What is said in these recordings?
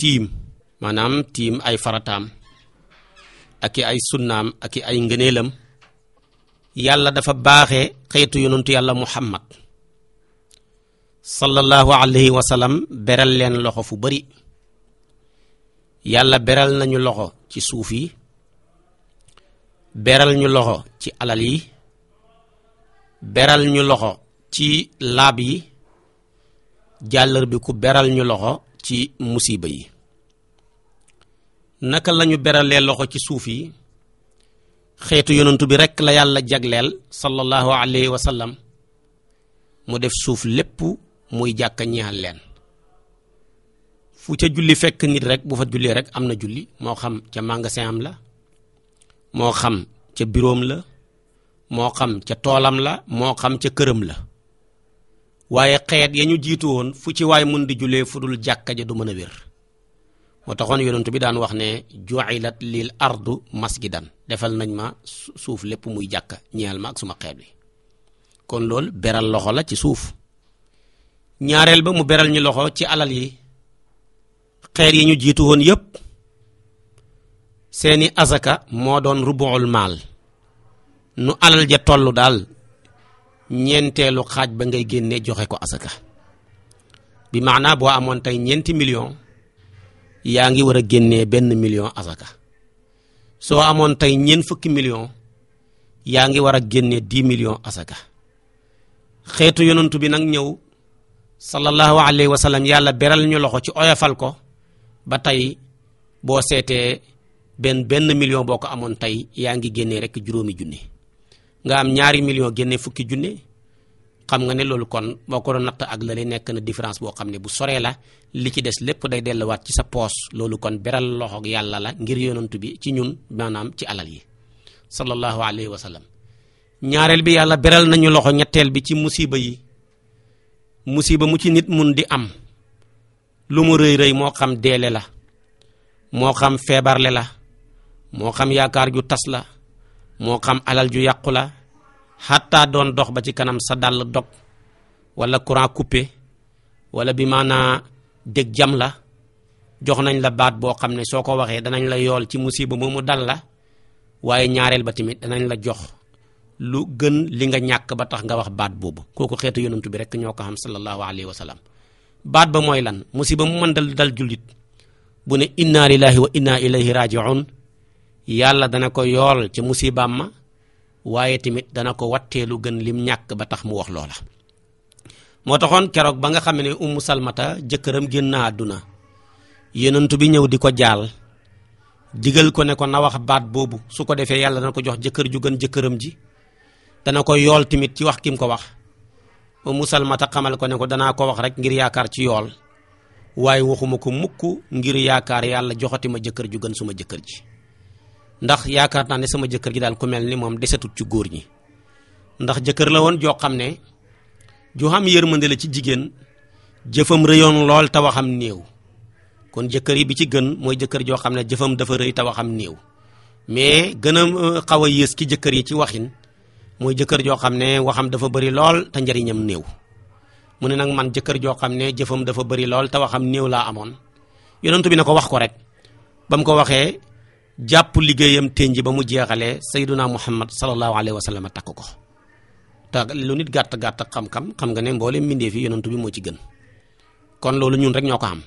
tiim maanaam tiim ay farataam ak i ay sunnaam ak i ay ngëneelam yàlla dafa baaxe xeetu yonentu yàlla muhammad sallallahu alayhi wa beral leen loxo fu bari yàlla beral nañu loxo ci suuf yi beral ñu loxo ci alal yi beral ñu loxo ci laab yi jàllar bi ku beral ñu loxo ci musiba yi naka lañu berale loxo ci suuf yi xeetu yonantu bi rekk la yàlla jagleel sallallahu alayhi wa sallam mu def suuf lépp muy jàkka ñaal leen fu ca julli fekk nit rek bu fa jullee rek am na julli moo xam ca magasin am la moo xam ca bureau la moo xam ca toolam la moo xam ca këram la waaye xeet ya ñu jiitu woon fu ci waay mun di julee fu dul jàkka ja du mën a wér moo taxoon yonent bi daan wax ne ju'ilat lil ardu masjidan defal nañ ma suuf lépp muy jàkka ñeel ma ak suma xeet bi kon loolu beral loxo la ci suuf ñaareel ba mu beral ñu loxo ci alal yi xeer yi ñu jiitu woon yépp seeni azaka moo doon rubuul maal nu alal ja tollu daal ñeenteelu xaaj ba ngay génnee joxe ko asaka bi maanaa boo amoon tey ñeenti million yaa ngi war a génnee benn million asaka soo amoon tey ñeent fukki million yaa ngi war a génnee di million asaka xeetu yonantu bi nag ñëw sallallahu alayhi wa sallam yàlla beral ñu loxo ci oyofal ko ba tey boo seetee benn benn million boo ko amoon tey yaa ngi génnee rek juróomi junni nga am ñaari million génne fukki junne xam nga ne loolu kon boo ko natt ak la lay nekk na différence boo xam ne bu soree la li ci des lépp day delluwaat ci sa poos loolu kon beral loxoog yàlla la ngir yonantu bi ci ñun maanaam ci alal yi sallallahu alayhi wa sallam ñaareel bi yàlla beral nañu loxo ñetteel bi ci musiba yi musiba mu ci nit mun di am lu mu rëy rëy moo xam deele la moo xam feebarle la moo xam yaakaar ju tas la moo xam alal ju yàqu la xatta doon dox ba ci kanam sa dàll dog wala courant coupé wala bi maanaa dég jam la jox nañ la baat boo xam ne soo ko waxee danañ la yool ci musiba moomu dal la waaye ñaareel ba tamit danañ la jox lu gën li nga ñàkk ba tax nga wax baat boobu xeetu yonantu bi rek ñoo ko xam sallallahu alayhi wa sallam baat ba mooy lan musiba mu mën dal dal jullit bu ne inna lillahi wa inna ilayhi rajiun yàlla dana ko yool ci musibaam ma waaye tamit dana ko watteelu gën lim ñàkk ba tax mu wax loola. moo taxoon keroog ba nga xam ne ummu salmata jëkkëram génn na àdduna yenentu bi ñëw di ko jaal digal ko ne ko na wax baat boobu su ko defee yàlla dana ko jox jëkkër ju gën jëkkëram ji dana ko yool tamit ci wax kim ko wax ummu salmata xamal ko ne ko danaa ko wax rek ngir yaakaar ci yool waaye waxuma ko mukk ngir yaakaar yàlla joxati ma jëkkër ju gën suma jëkkër ji ndax yaakaar naa ne sama jëkkër ji daal ku mel ni moom desetut ci góor ñi ndax jëkkër la woon joo xam ne ju xam yërmande la ci jigéen jëfam rëyoon lool te waxam néew kon jëkkër yi bi ci gën mooy jëkkër joo xam ne jëfam dafa rëy te waxam néew mais gën a euh, xaw a yées ci jëkkër yi ci waxin mooy jëkkër joo xam ne waxam dafa bëri lool te njariñam néew mu ne nag man jëkkër joo xam ne jëfam dafa bëri lool te waxam néew laa amoon yonentu bi ne ko wax ko rek ba mu ko waxee jàpp liggéeyam ténj ba mu jeexalee sayyiduna muhammad sallallahu alayhi wa sallam takk ko te lu nit gàtt gàtt xam-xam xam nga ne mboolem mbindee fi yonantu bi moo ci gën kon loolu ñun rek ñoo ko am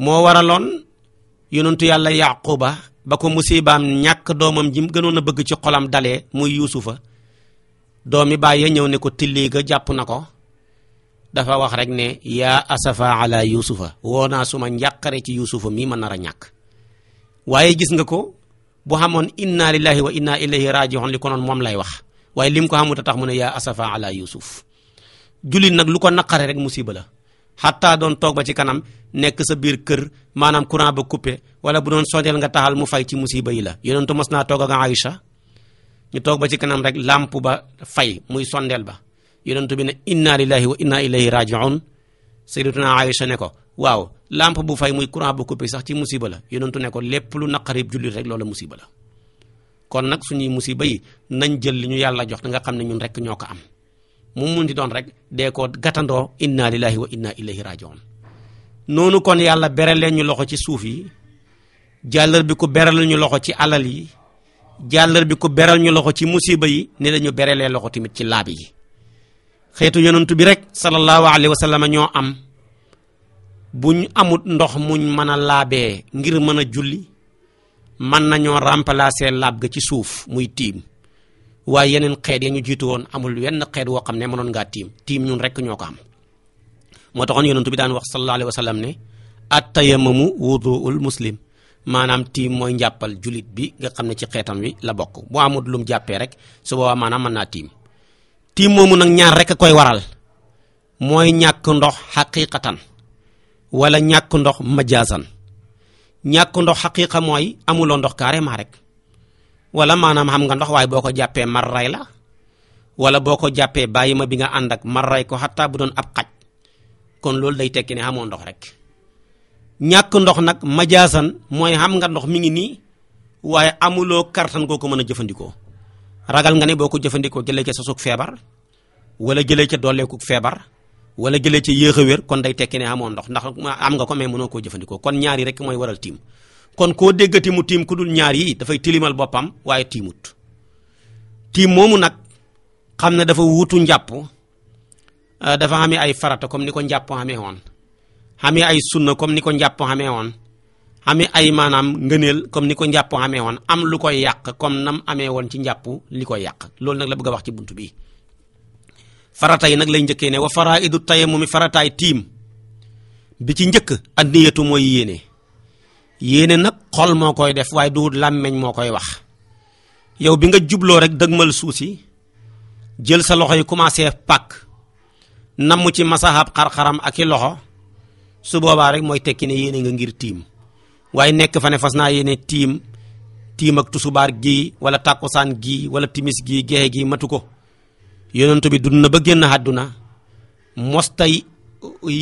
moo waraloon yonantu yàlla yaquba ba ko musibaam ñàkk doomam ji gënoon a bëgg ci xolam dalee muy yuusufa doomi bàyyi ñëw ne ko tilli jàpp na ko dafa wax rek ne yaa asafa ala yuusufa woo naa suma njàqare ci yuusufa mii ma nar a ñàkk waaye gis nga ko bu xamoon inna lillahi wa inna ilayhi raji'un li konoon moom lay wax waaye lim ko xamuta tax mu ne yaa asafa ala yusuf jullit nag lu ko naqare rek musiba la xataa doon toog ba ci kanam nekk sa biir kër maanaam courant ba kuppe wala bu doon sondeel nga taxal mu fay ci musiba yi la yonentu mos naa toog ak Aïcha ñu toog ba ci kanam rek lamp ba fay muy sondeel ba yonentu bi ne inna lillahi wa inna ilayhi raji'un sayyidatuna Aïcha ne ko waaw lampe bu fay muy courant bu coupé sax ci musiba la yonentu ne ko lépp lu naqarib jullit rek loola musiba la kon nag ñuy musiba yi nañ jël li ñu yàlla jox da nga xam ne ñun rek ñoo ko am mu mun di doon rek dee ko gàttandoo inna lillahi wa inna ilayhi rajiun noonu kon yàlla berel leen ñu loxo ci suuf yi jàllar bi ko beral ñu loxo ci alal yi jàllar bi ko beral ñu loxo ci musiba yi ne lañu berelee loxo tamit ci laab yi xeetu yonantu bi rek sallallahu alayhi wa sallam ñoo am buñ amut ndox muñ mën a laabe ngir mën a julli mën nañoo remplacer laab ga ci suuf muy tiim waaye yeneen xeet ya ñu jiitu woon amul wenn xeet woo xam ne mënoon ngaa tiim tiim ñun rek ñoo ko am moo taxoon yonantu bi daan wax sallallahu alayhi wa sallam ne at-tayammumu wudu'ul muslim maanaam tiim mooy njàppal jullit bi nga xam ne ci xeetam bi la bokk bu amut lum jàppee rek su boobaa maanaam mën naa tiim tiim moomu nag ñaar rek a koy waral mooy ñàkk ndox xaqiqatan wala ñàkk ndox majaazan ñàkk ndox xaqiqa mooy amuloo ndox carrément rek walla maanaam xam nga ndox waaye boo ko jàppee mar la wala boo ko jàppee bàyyi ma bi nga ànd ak mar ray ko xataa bu doon ab xaj kon loolu day tekki ne amoo ndox rek ñàkk ndox nag majaazan mooy xam nga ndox mi ngi nii waaye amuloo kartan goo ko mën a jëfandikoo ragal nga ne boo ko jëfandikoo jëlee ca sosug feebar wala jëlee ca dooleeku feebar wala jëlee ca yéex a wér kon day tekki ne amoon ndox ndax am nga ko mais mënoo koo jëfandikoo kon ñaari rek mooy waral tiim kon koo déggati mu tiim ku dul ñaari dafay tilimal boppam waaye tiimut tiim moomu nag xam ne dafa wuutu njàpp euh, dafa amee ay farata comme ni ko njàpp xamee woon xamee ay sunna comme ni ko njàpp xamee woon amee ay maanaam ngëneel comme ni ko njàpp amee woon am lu koy yàq comme nam amee woon ci njàpp li ko yàq loolu nag la bëgg a wax ci buntu bii faratay nag lay njëkkee ne wa faraidu tayammumi farataay tiim bi ci njëkk ak niyatu mooy yéene yéene nag xol moo koy def waaye du làmmeñ moo koy wax yow bi nga jubloo rek dëgmal suuf si jël sa loxo yi commencé pàkk namm ci masahab xar-xaram ak i loxo su boobaa rek mooy tekki ne yéene nga ngir tiim waaye nekk fa ne fas naa yéene tiim tiim ak tusubaar gii wala tàkkusaan gi wala timis gii gexe gi matu ko yonent bi dund na ba génn àdduna mostay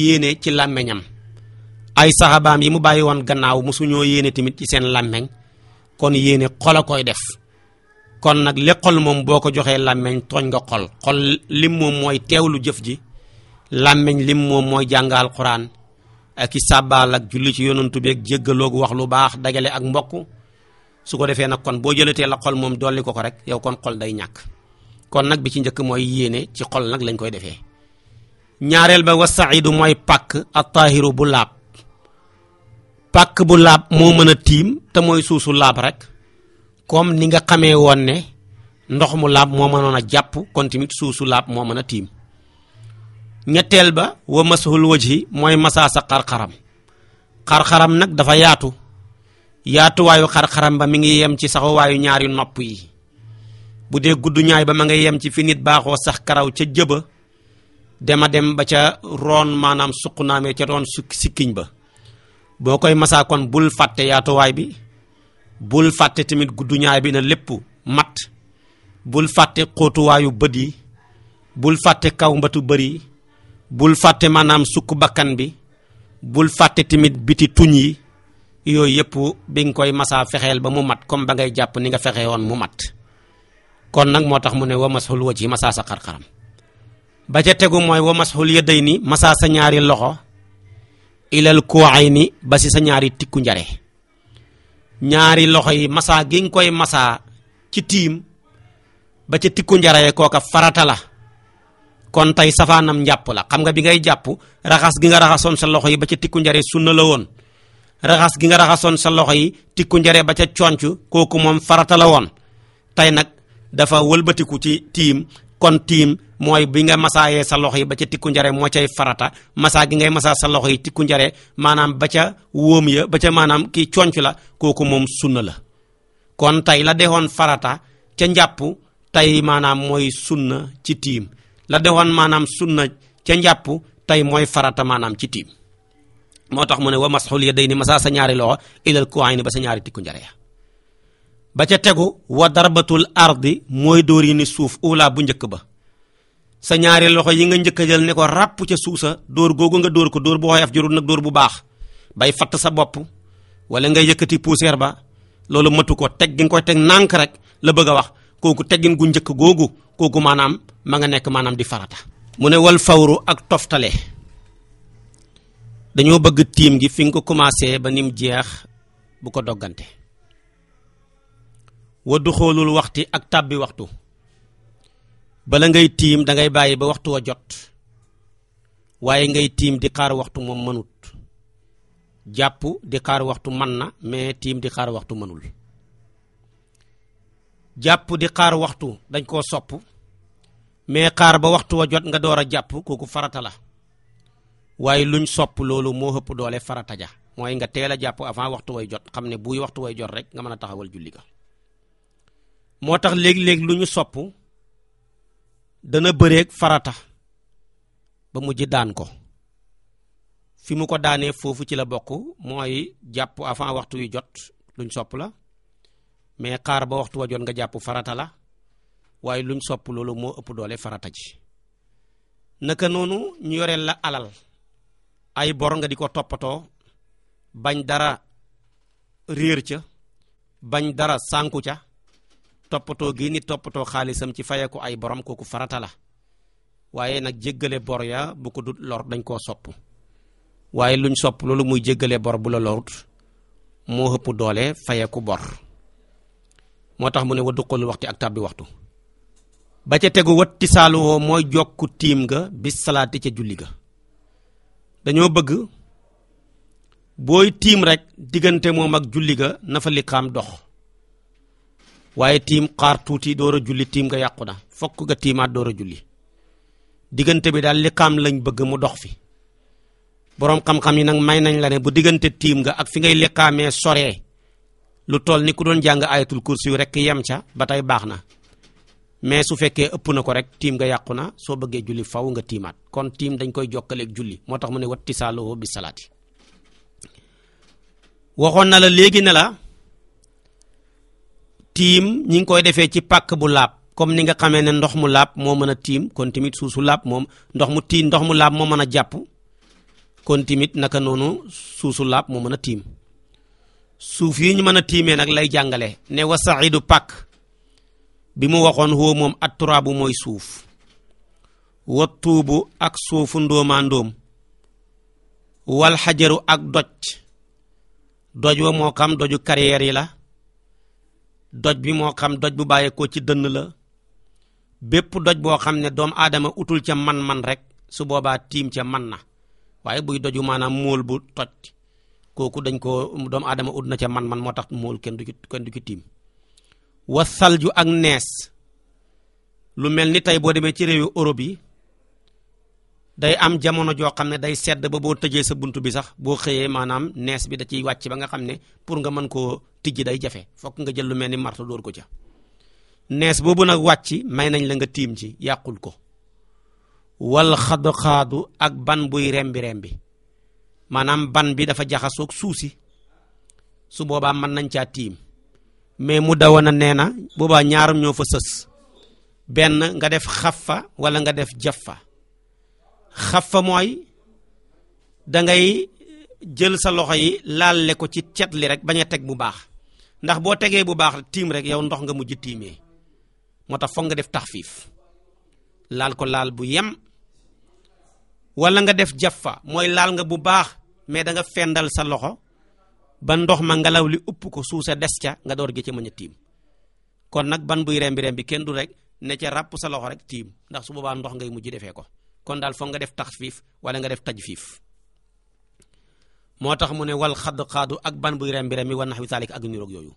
yéene ci làmmeñam ay saxaabaam yi mu bàyyi woon gannaaw mosuñoo yéene tamit ci seen làmmeñ kon yéene xol a koy def kon nag li xol moom boo ko joxee làmmeñ tooñ nga xol xol lim moom mooy teewlu jëf ji làmmeñ lim moom mooy jàngal alxuraan ak i sàbbaal ak julli ci yonantu bi ak jéggaloogu wax lu baax dajale ak mbokk su ko defee nag kon boo jëlatee la xol moom dolli ko ko rek yow kon xol day ñàkk kon nag bi ci njëkk mooy yéene ci xol nag lañ koy defee ñaareel ba wasaidu mooy pàkk attaahiru bu laab pàkk bu laab moo mën a tiim te mooy suusu laab rek comme ni nga xamee woon ne ndox mu laab moo mënoon a jàpp kon tamit suusu laab moo mën a tiim ñetteel ba wa mashul wajhi mooy masaa sa xar-xaram xar-xaram nag dafa yaatu yaatuwaayu xar-xaram ba mu ngi yem ci saxuwaayu ñaari nopp yi bu dee gudd ñaay ba ma nga yem ci fi nit baaxoo sax karaw ca jëba dema dem ba ca ron maanaam suq naamee ca roon su sikkiñ ba boo koy masaa kon bul fàtte yaatuwaay bi bul fàtte tamit gudd ñaay bi na lépp mat bul fàtte xóotuwaayu bët yi bul fàtte kaw mbatu bëri bul fàtte maanaam sukk bakkan bi bul fàtte tamit biti tuñ yi yooyu yëpp bi nga koy masaa fexeel ba mu mat comme ba ngay jàpp ni nga fexe woon mu mat kon nag moo tax mu ne wa masxul waj yi masaa sa xar-xaram ba ca tegu mooy wa masxul yëdday ni masaa sa ñaari loxo ilal kuwaay ni ba si sa ñaari tikku njare ñaari loxo yi masaa gi nga koy masaa ci tiim ba ca tikku njare kooka farata la kon tey safaanam njàpp la xam nga bi ngay jàpp raxas gi nga raxasoon sa loxo yi ba ca tikku njare sunna la woon raxas gi nga raxasoon sa loxo yi tikku njare ba ca conc kooku moom farata la woon tey nag dafa wëlbatiku ci tiim kon tiim mooy bi nga masaayee sa loxo yi ba ca tikku njare moo cay farata masaa gi ngay masaa sa loxo yi tikku njare maanaam ba ca wóom ya ba ca maanaam kii conc la kooku moom sunna la kon tey la deewoon farata ca njàpp tey maanaam mooy sunna ci tiim la dewoon maanaam sunna ca njàpp tey mooy farata maanaam ci tiim moo tax mu ne wa masxul yadayni masaa sa ñaari loxo ilal kuwayni ba sa ñaari tikku njare ba ca tegu wa darbatul ardi mooy dóor yi ni suuf ula bu njëkk ba sa ñaari loxo yi nga njëkk a jël ne ko ràpp ca suusa dóor googu nga dóor ko dóor bu xoyof jurul nag dóor bu baax bay fatt sa bopp walla ngay yëkkati poussière ba loolu matu ko teg gi nga koy teg nànk rek la bëgg a wax kooku teggin gu njëkk googu kooku maanaam ma nga nekk maanaam di farata. mu ne wal fawru ak toftale dañoo bëgg tiim gi fi nga ko commencé ba nim jeex bu ko doggante waddu xoolul waxti ak tàbbi waxtu bala ngay tiim da ngay bàyyi ba waxtu wa jot waaye ngay tiim di xaar waxtu moom mënut jàpp di xaar waxtu mën na mais tiim di xaar waxtu mënul jàpp di xaar waxtu dañ koo sopp mais xaar ba waxtu wa jot nga door a jàpp kooku farata la waaye luñ sopp loolu moo ëpp doole farata ja mooy nga teel a jàpp avant waxtu way jot xam ne buy waxtu way jot rek nga mën a taxawal julli ka moo tax léeg-léeg lu ñu sopp dana bëreek farata ba mujj daan ko fi mu ko daanee foofu ci la bokk mooy jàpp avant waxtu wi jot luñ sopp la mais xaar ba waxtu wa jot nga jàpp farata la waaye luñ sopp loolu moo ëpp doole farata ci naka noonu ñu yoreel la alal ay bor nga di ko toppatoo bañ dara réer ca bañ dara sànku ca toppatoo gi nit toppatoo xaalisam ci faye ko ay borom kooku farata la waaye nag jéggale bor ya bu lor dañ koo sopp waaye luñ sopp loolu muy jéggale bor bu la lorut moo ëpp doole faye bor moo tax mu ne waddu xolul waxtu ak tàbbi waxtu ba ca tegu wat tisaaluwoo mooy jokk tiim ga bis salaati ca julli ga dañoo bëgg booy tiim rek diggante moom ak julli ga na fa dox waaye tiim xaar tuuti door a julli tiim nga yàqu na fokk nga tiimaat door a julli diggante bi daal liqaam lañ bëgg mu dox fi boroom xam-xam yi nag may nañ la ne bu diggante tiim nga ak fi ngay liqaamee soree lu tool ni ku doon jàng ayatul kursi yu rek yem ca ba tey baax na mais su fekkee ëpp na ko rek tiim nga yàqu na soo bëggee julli faw nga tiimaat kon tiim dañ koy jokkaleeg julli moo tax mu ne watti saaloo bi salaati waxoon na la léegi ne la tiim ñi ngi koy defee ci pàkk bu laab comme ni nga xamee ne ndox mu laab moo mën a tiim kon tamit suuf su laab moom ndox mu tiim ndox mu laab moo mën a jàpp kon tamit naka noonu suusu su laab moo mën a tiim suuf yi ñu mën a tiimee nag lay jàngale ne wa sa saidu pàkk bi mu waxoon huwa moom atturaabu mooy suuf wa tuubu ak suufu ndóomaa ndóom wal xajaru ak doj doj wa moo doju carrière yi la doj bi moo xam doj bu bàyyeekoo ci dënn la bépp doj boo xam ne doomu aadama utul ca man-man rek su boobaa tiim ca man na waaye buy doju maanaam móol bu toj kooku dañ ko doomu aadama ut ca man man moo tax mool kenn du ci kenn du ci tiim wa salju ak nees lu mel ni tey boo demee ci réewu Europe yi day am jamono joo xam ne day sedd ba boo tëjee sa bunt bi sax boo xëyee maanaam nees bi da ciy wàcc ba nga xam ne pour nga mën koo tijji day jafe fokk nga jël lu mel ni marto dóor ko ca nees boobu nag wàcc may nañ la nga tiim ci yàqul ko wal xadu xaadu ak ban buy rembi rembi maanaam ban bi dafa jaxasoog suuf si su boobaa mën nañ caa tiim mais mu dawana nee na boobaa ñaaram ñoo fa sës benn nga def xaf fa wala nga def jaf fa xaf fa mooy da ngay jël sa loxo yi laale ko ci cet li rek bañ a teg bu baax ndax boo tegee bu baax tiim rek yow ndox nga mujj tiime moo tax foog nga def taxfiif laal ko laal bu yem wala nga def jaffa mooy laal nga bu baax mais da nga fendal sa loxo ba ndox ma ngelaw li upp ko sa des ca nga door gëcce mën a tiim kon nag ban buy rembi rembi kenn du rek ne ca ràpp sa loxo rek tiim ndax su boobaa ndox ngay mujj defee ko kon daal foog nga def taxfiif wala nga def tajfiif moo tax mu ne wal xadd xaadu ak ban buy rembi rembi wa nax wi saalik ak niroog yooyu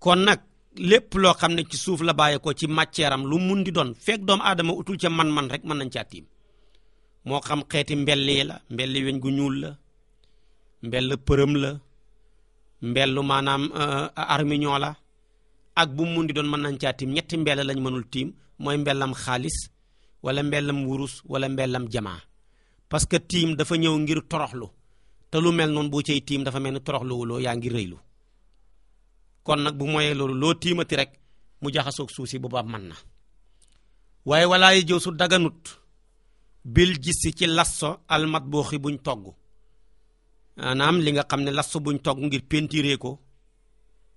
kon nag lépp loo xam ne ci suuf la bàyyeekoo ci matière lu mun di doon fekk doom aadama utul ca man-man rek mën nañ caa tiim moo xam xeeti mbell yi la mbell weñ gu ñuul la mbell përëm la mbellu maanaam euh, armiñoo la ak bu mu mun doon mën nañ caa ñetti mbell lañ mënul tiim mooy mbellam xaalis wala mbellam wurus wala mbellam jamaa parce que tiim dafa ñëw ngir toroxlu te lu mel noonu boo cay tiim dafa mel ni toroxlu wuloo yaa ngi rëylu kon nag bu moyee loolu loo tiimati rek mu jaxasoog suuf si booba man na waaye walaaye jëw su daganut bil gisi ci lasso almatbuuxi buñ togg maanaam li nga xam ne lasso buñ togg ngir pentiiree ko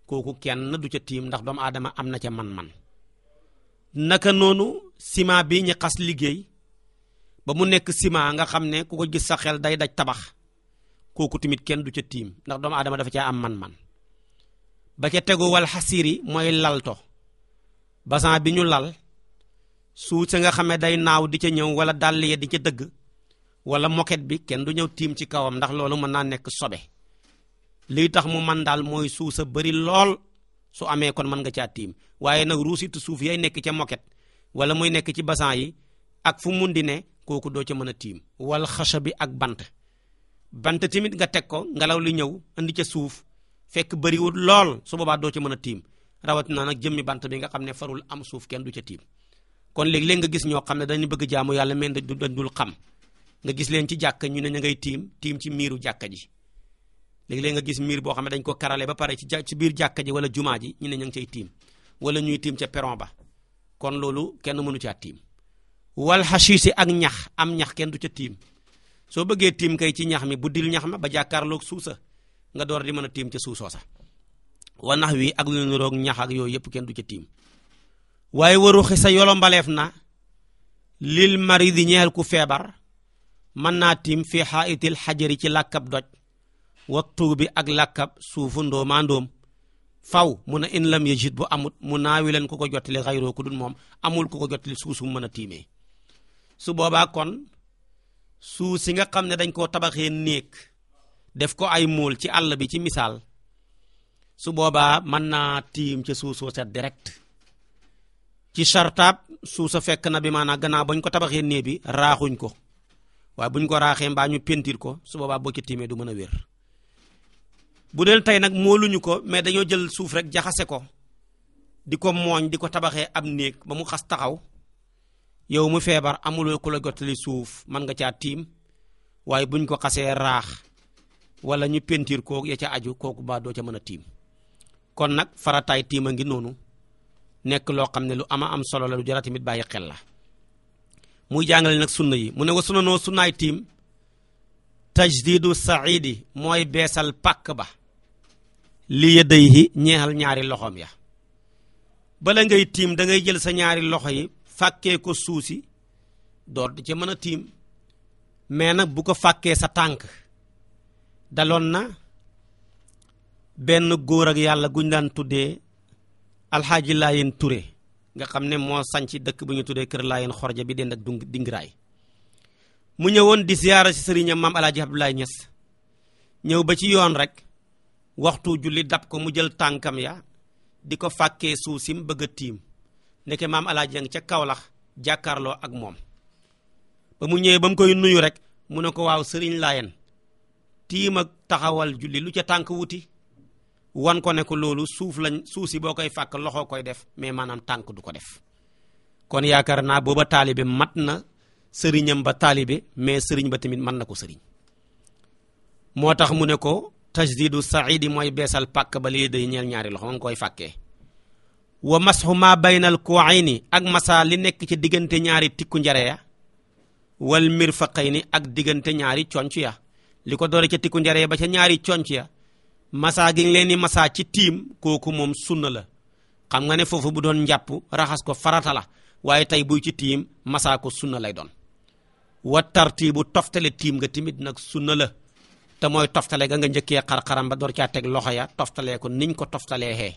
kooku kenn du ca tiim ndax doom aadama am na ca man-man naka noonu ciment bi ñu xas liggéey ba mu nekk ciment nga xam ne ku ko gis sa xel day daj tabax kooku tamit kenn du ca tiim ndax doom aadama dafa caa am man-man ba ca tegu wal xasiiri mooy lalto basan bi ñu lal suuf sa nga xamee day naaw di ca ñëw wala dàll ya di ca dëgg wala moket bi kenn du ñëw tiim ci kawam ndax loolu mën naa nekk sobe liy tax mu man daal mooy suuf sa bëri lool su amee kon mën nga caa tiim waaye nag ruusitu suuf yay nekk ca moket wala muy nekk ci basan yi ak fu mun di ne kooku doo ca mën a tiim wal xasa bi ak bant bant tamit nga teg ko ngelaw li ñëw indi ca suuf fekk bëriwul lool su boobaa doo ca mën a tiim naa nag jëmmi bant bi nga xam ne farul am suuf kenn du ca tiim kon léegi léeg nga gis ñoo xam ne dañu bëgg jaamu yàlla mais du dul xam nga gis leen ci jàkka ñu ne ña ngay tiim tiim ci miiru jàkka ji léeg-léeg nga gis miir boo xam ne dañ ko karale ba pare ci ja ci biir jàkka ji wala jumaa ji ñu ne ña ngi cay tiim wala ñuy tiim ca peron ba kon loolu kenn mënu caa tiim wal xasiisi ak ñax am ñax kenn du ca tiim soo bëggee tiim kay ci ñax mi bu dil ñax ma ba jàkkaarloog suusa nga door di mën a tiim ca suusoo sa wa nax wi ak lu nuroog ñax ak yooyu yëpp kenn du ca tiim waaye waru xisa yolombaleef na lil maridi ñeel ku feebar mën naa tiim fi itil xajari ci làkkab doj wattu bi ak làkkab suufu ndoomaa ndóom faw mun a in lam bu amut mu naawi leen ku ko jottali xayroo ku moom amul ku ko jottali suuf mën a tiime su boobaa kon suuf si nga xam ne dañ koo tabaxee néeg def ko ay muul ci àll bi ci misaal su boobaa mën naa tiim ca suuf soo set direct ci sartaab suuf sa fekk na bi maanaam ganaaw bañ ko tabaxee nee bi raaxuñ ko waaye buñ ko raaxee mbaa ñu pentir ko su boobaa boo ci tiimee du mën a wér bu dee tey nag mooluñu ko mais dañoo jël suuf rek jaxase ko di ko mooñ di ko tabaxee ab néeg ba mu xas taxaw yow mu feebar amuloo ku la jottali suuf mën nga caa tiim waaye buñ ko xasee raax wala ñu pentir koo ya ca aju kooku ba doo ca mën a tiim kon nag farataay tiim a ngi noonu nekk loo xam ne lu ama am solo la lu jara tamit bàyyi xel la muy jàngale nag sunna yi mu ne wa sunanoo sunnaay tiim tajdidu saidi mooy beesal pàkk ba li yëddayhi ñeexal ñaari loxoom ya bala ngay tiim da ngay jël sa ñaari loxo yi fàkkee ko suusi door di ca mën a tiim mais nag bu ko fàkkee sa tànk daloon na benn góor ak yàlla guñ daan tuddee alxaaji laayeen ture nga xam ne moo sanc dëkk bu ñu tuddee kër laayeen xorja bi dend ak dung dingiraay mu ñëwoon di ziyaara si sëriñam maam alaaji lay ñes ñëw ba ci yoon rek waxtu julli dab ko mu jël tànkam ya di ko fàkkee suuf si bëgg a tiim ndeke maam alaaji yang ca kawlax jàkkaarloo ak moom ba mu ñëwee ba mu koy nuyu rek mu ne ko waaw sëriñ laayeen tiim ak taxawal julli lu ca tànk wuti wan ko ne loolu suuf lañ suuf si boo koy fàkk loxoo koy def mais maanaam tànk du ko def kon yaakaar naa booba taalibe mat na sëriñam ba taalibe mais sëriñ ba tamit mën na ko sëriñ moo tax mu ne ko tajdidu saidi mooy beesal pàkk ba lii day ñeel ñaari loxo ma ngi koy fàkkee wa masxu ma baynal kuayni ak masa li nekk ci diggante ñaari tikku njare ya wal ni ak diggante ñaari conc ya li ko doore ca tikku njare ba ca ñaari conc ya massa gi ngi leen di massa ci tiim kooku moom sunna la xam nga ne foofu bu doon njàpp raxas ko farata la waaye tey buy ci tiim massa ko sunna lay doon wa tartiibu toftale tiim nga timit nag sunna la te mooy toftale ga nga njëkkee xar ba door caa teg loxo ya toftalee ko niñ ko toftalee xee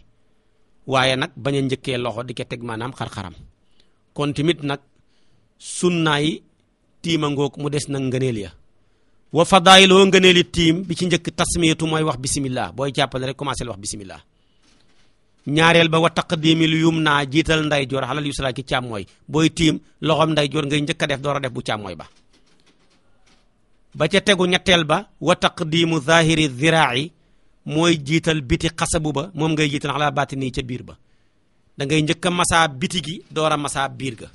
waaye nag bañ njëkkee loxo di ko teg maanaam xar kon timit nag sunnaay tiima ngoog mu des nag ngëneel ya wa fadaayiloo ngëneeli tiim bi ci njëkk tasmiyatu mooy wax bismillah booy jàppale rek commencé wax bismillah ñaareel ba wa taqdimil yumna jiital nday joor xalal yusra ki càmmooy booy tiim loxoom nday joor ngay njëkk a def door def bu càmmooy ba ba ca tegu ñetteel ba wa taqdimu zahiri ziraa'i mooy jiital biti xasabu ba moom ngay jiital xalaa baati nii ca biir ba da ngay njëkk a masaa biti gi door masaa biir ga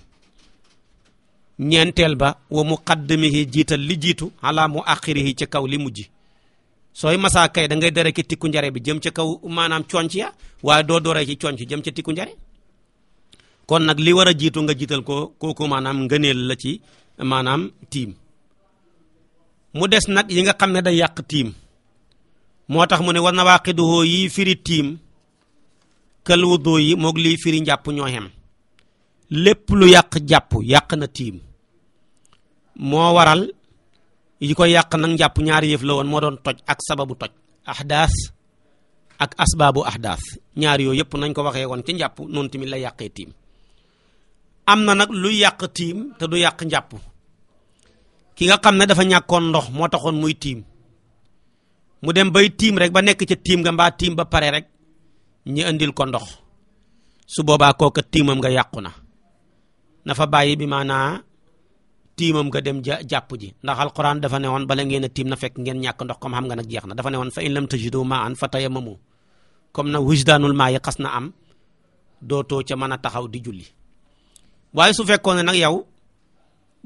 ñeenteel ba wa muqaddimihi jiital li jiitu ala mu axirihi ci kaw li mujj sooy masaa kay da ngay dere tikku njare bi jëm ci kaw maanaam conc ya waaye doo dooree ci conc jëm ci tikku njare kon nag li war a jiitu nga jiital ko kooku maanaam ngëneel la ci maanaam tiim mu des nag yi nga xam ne day yàq tiim moo tax mu ne war na waaqiduhoo yi firi tiim kël wudu yi moog lii firi njàpp ñoo xem lépp lu yàq jàpp yàq na tiim moo waral yi ko yàq nag jàpp ñaar yëf la woon moo doon toj ak sababu toj ahdaas ak asbaabu ahdaas ñaar yooyu yëpp nañ ko waxee woon ca njàpp noonu tamit la yàqee tiim am na nag lu yàq tiim te du yàq njàpp ki nga xam ne dafa ñàkkoon ndox moo taxoon muy tiim mu dem bay tiim rek ba nekk ca tiim nga mbaa tiim ba pare rek ñi indil ko ndox su boobaa kooka tiimam nga yàqu na na fa bàyyi bi maanaa tiimam nga dem ja jàpp ji ndax alquran dafa ne woon bala ngeen a tiim na fekk ngeen ñàkk ndox comme xam nga nag jeex na dafa ne woon fa in lam tajidu ma an fa tayammamu comme na wijdaanul maa yi xas na am dootoo ca mën a taxaw di julli waaye su fekkoon ne nag yow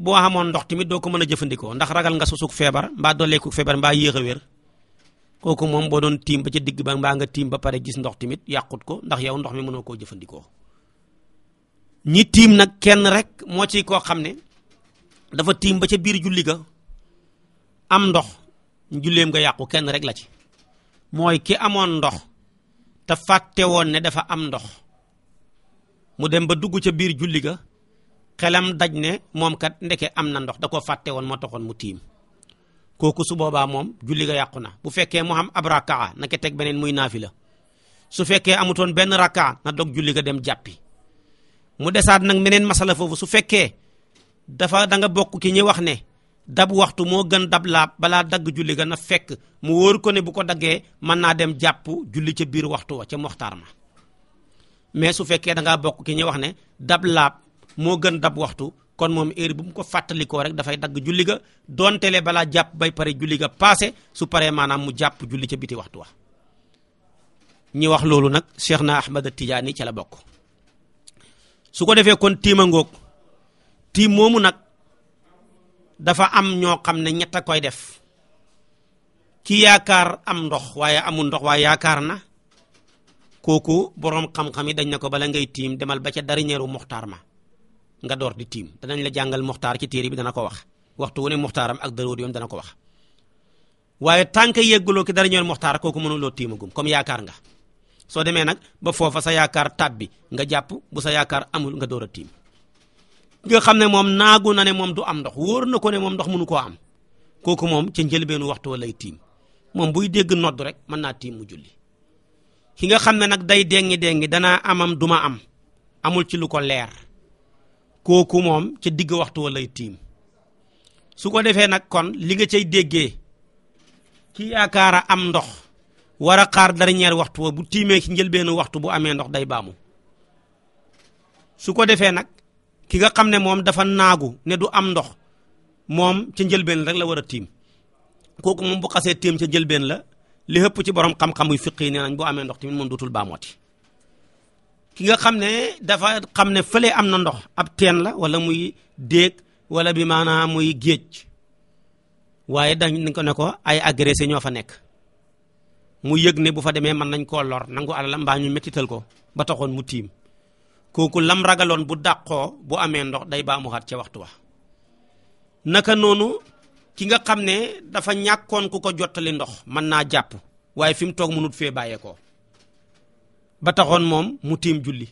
boo xamoon ndox tamit doo ko mën a jëfandikoo ndax ragal nga susuk feebar mbaa dooleeku feebar mbaa yéex a wér kooku moom boo doon tiim ba ca digg ba mbaa nga tiim ba pare gis ndox tamit yàqut ko ndax yow ndox mi mënoo koo jëfandikoo ñi tiim nag kenn rek moo ci koo xam ne dafa tiim ba ca biir julli ga am ndox julleem nga yàqu kenn rek la ci mooy ki amoon ndox te fàtte woon ne dafa am ndox mu dem ba dugg ca biir julli ga xelam daj ne moom kat ndeke am na ndox da ko fàtte woon moo taxoon mu tiim kooku su boobaa moom julli ga yàqu na bu fekkee mu am ab rakaa na ke teg beneen muy naafi la su fekkee amutoon benn rakaa na dog julli ga dem jàppi mu desaat nag meneen masala foofu su fekkee dafa danga bokk ki ñi wax ne dab waxtu moo gën dab laab balaa dagg julli ga na fekk mu wóor ko ne bu ko daggee mën naa dem jàpp julli ca biir waxtu wa ca moxtaar ma mais su fekkee da ngaa bokk ki ñi wax ne dab moo gën dab waxtu kon moom heure bu mu ko fàttalikoo rek dafay dagg julli ga doontele balaa jàpp bay pare julli ga passé su paree maanaam mu jàpp julli ca biti waxtu wa ñi wax loolu nag Cheikh na Ahmad Tidiane ci la bokk su ko defee kon tiima ngoog tiim moomu nag dafa am ñoo xam ne ñett a koy def ki yaakaar am ndox waaye amul ndox waaye yaakaar na kooku borom xam-xam yi dañ na ko bala ngay tiim demal ba ca dernier muxtaar ma nga door di tiim danañ la jàngal muxtaar ci téere bi dana ko wax waxtu wu ne muxtaaram ak daroodi yom dana ko wax waaye tànk yegguloo ki dernier muxtaar kooku mënuloo tiimagum kom yaakaar nga soo demee nag ba foofa sa yaakaar tàbbi nga jàpp bu sa yaakaar amul nga door a tiim nga xam ne moom naagu na ne moom du am ndox wóor na ko ne moom ndox mënu koo am kooku moom ca njëlbeenu waxtu wa lay tiim moom buy dégg nodd rek mën naa tiim mu julli ki nga xam ne nag day dengi dengi danaa amam du ma am amul ci lu ko leer kooku moom ca digg waxtu lay tiim su ko defee nag kon li nga cay déggee ki yaakaar am ndox war a xaar dernier waxtu wa bu tiimee ci njëlbeenu waxtu bu amee ndox day baamu su ko defee nag ki nga xam ne moom dafa naagu ne du am ndox moom ca njëlbeen rek la war a tiim kooku moom bu xasee tiim ca njëlbeen la li ëpp ci borom xam-xam yu fiq yi nee nañ boo amee ndox tamit moom dootul baamooti ki nga xam ne dafa xam ne fële am na ndox ab teen la wala muy déeg wala bi maanaam muy géej waaye dañ ko ne ko ay agressé ñoo fa nekk mu yëg ne bu fa demee mën nañ koo lor nangu alalam mbaa ñu mettital ko ba taxoon mu tiim kooku lam ragaloon bu daqoo bu amee ndox day baamuwaat ca waxtu wa naka noonu ki nga xam ne dafa ñàkkoon ku ko jottali ndox mën naa jàpp waaye fi mu toog mënut fee bàyyeekoo ba taxoon moom mu tiim julli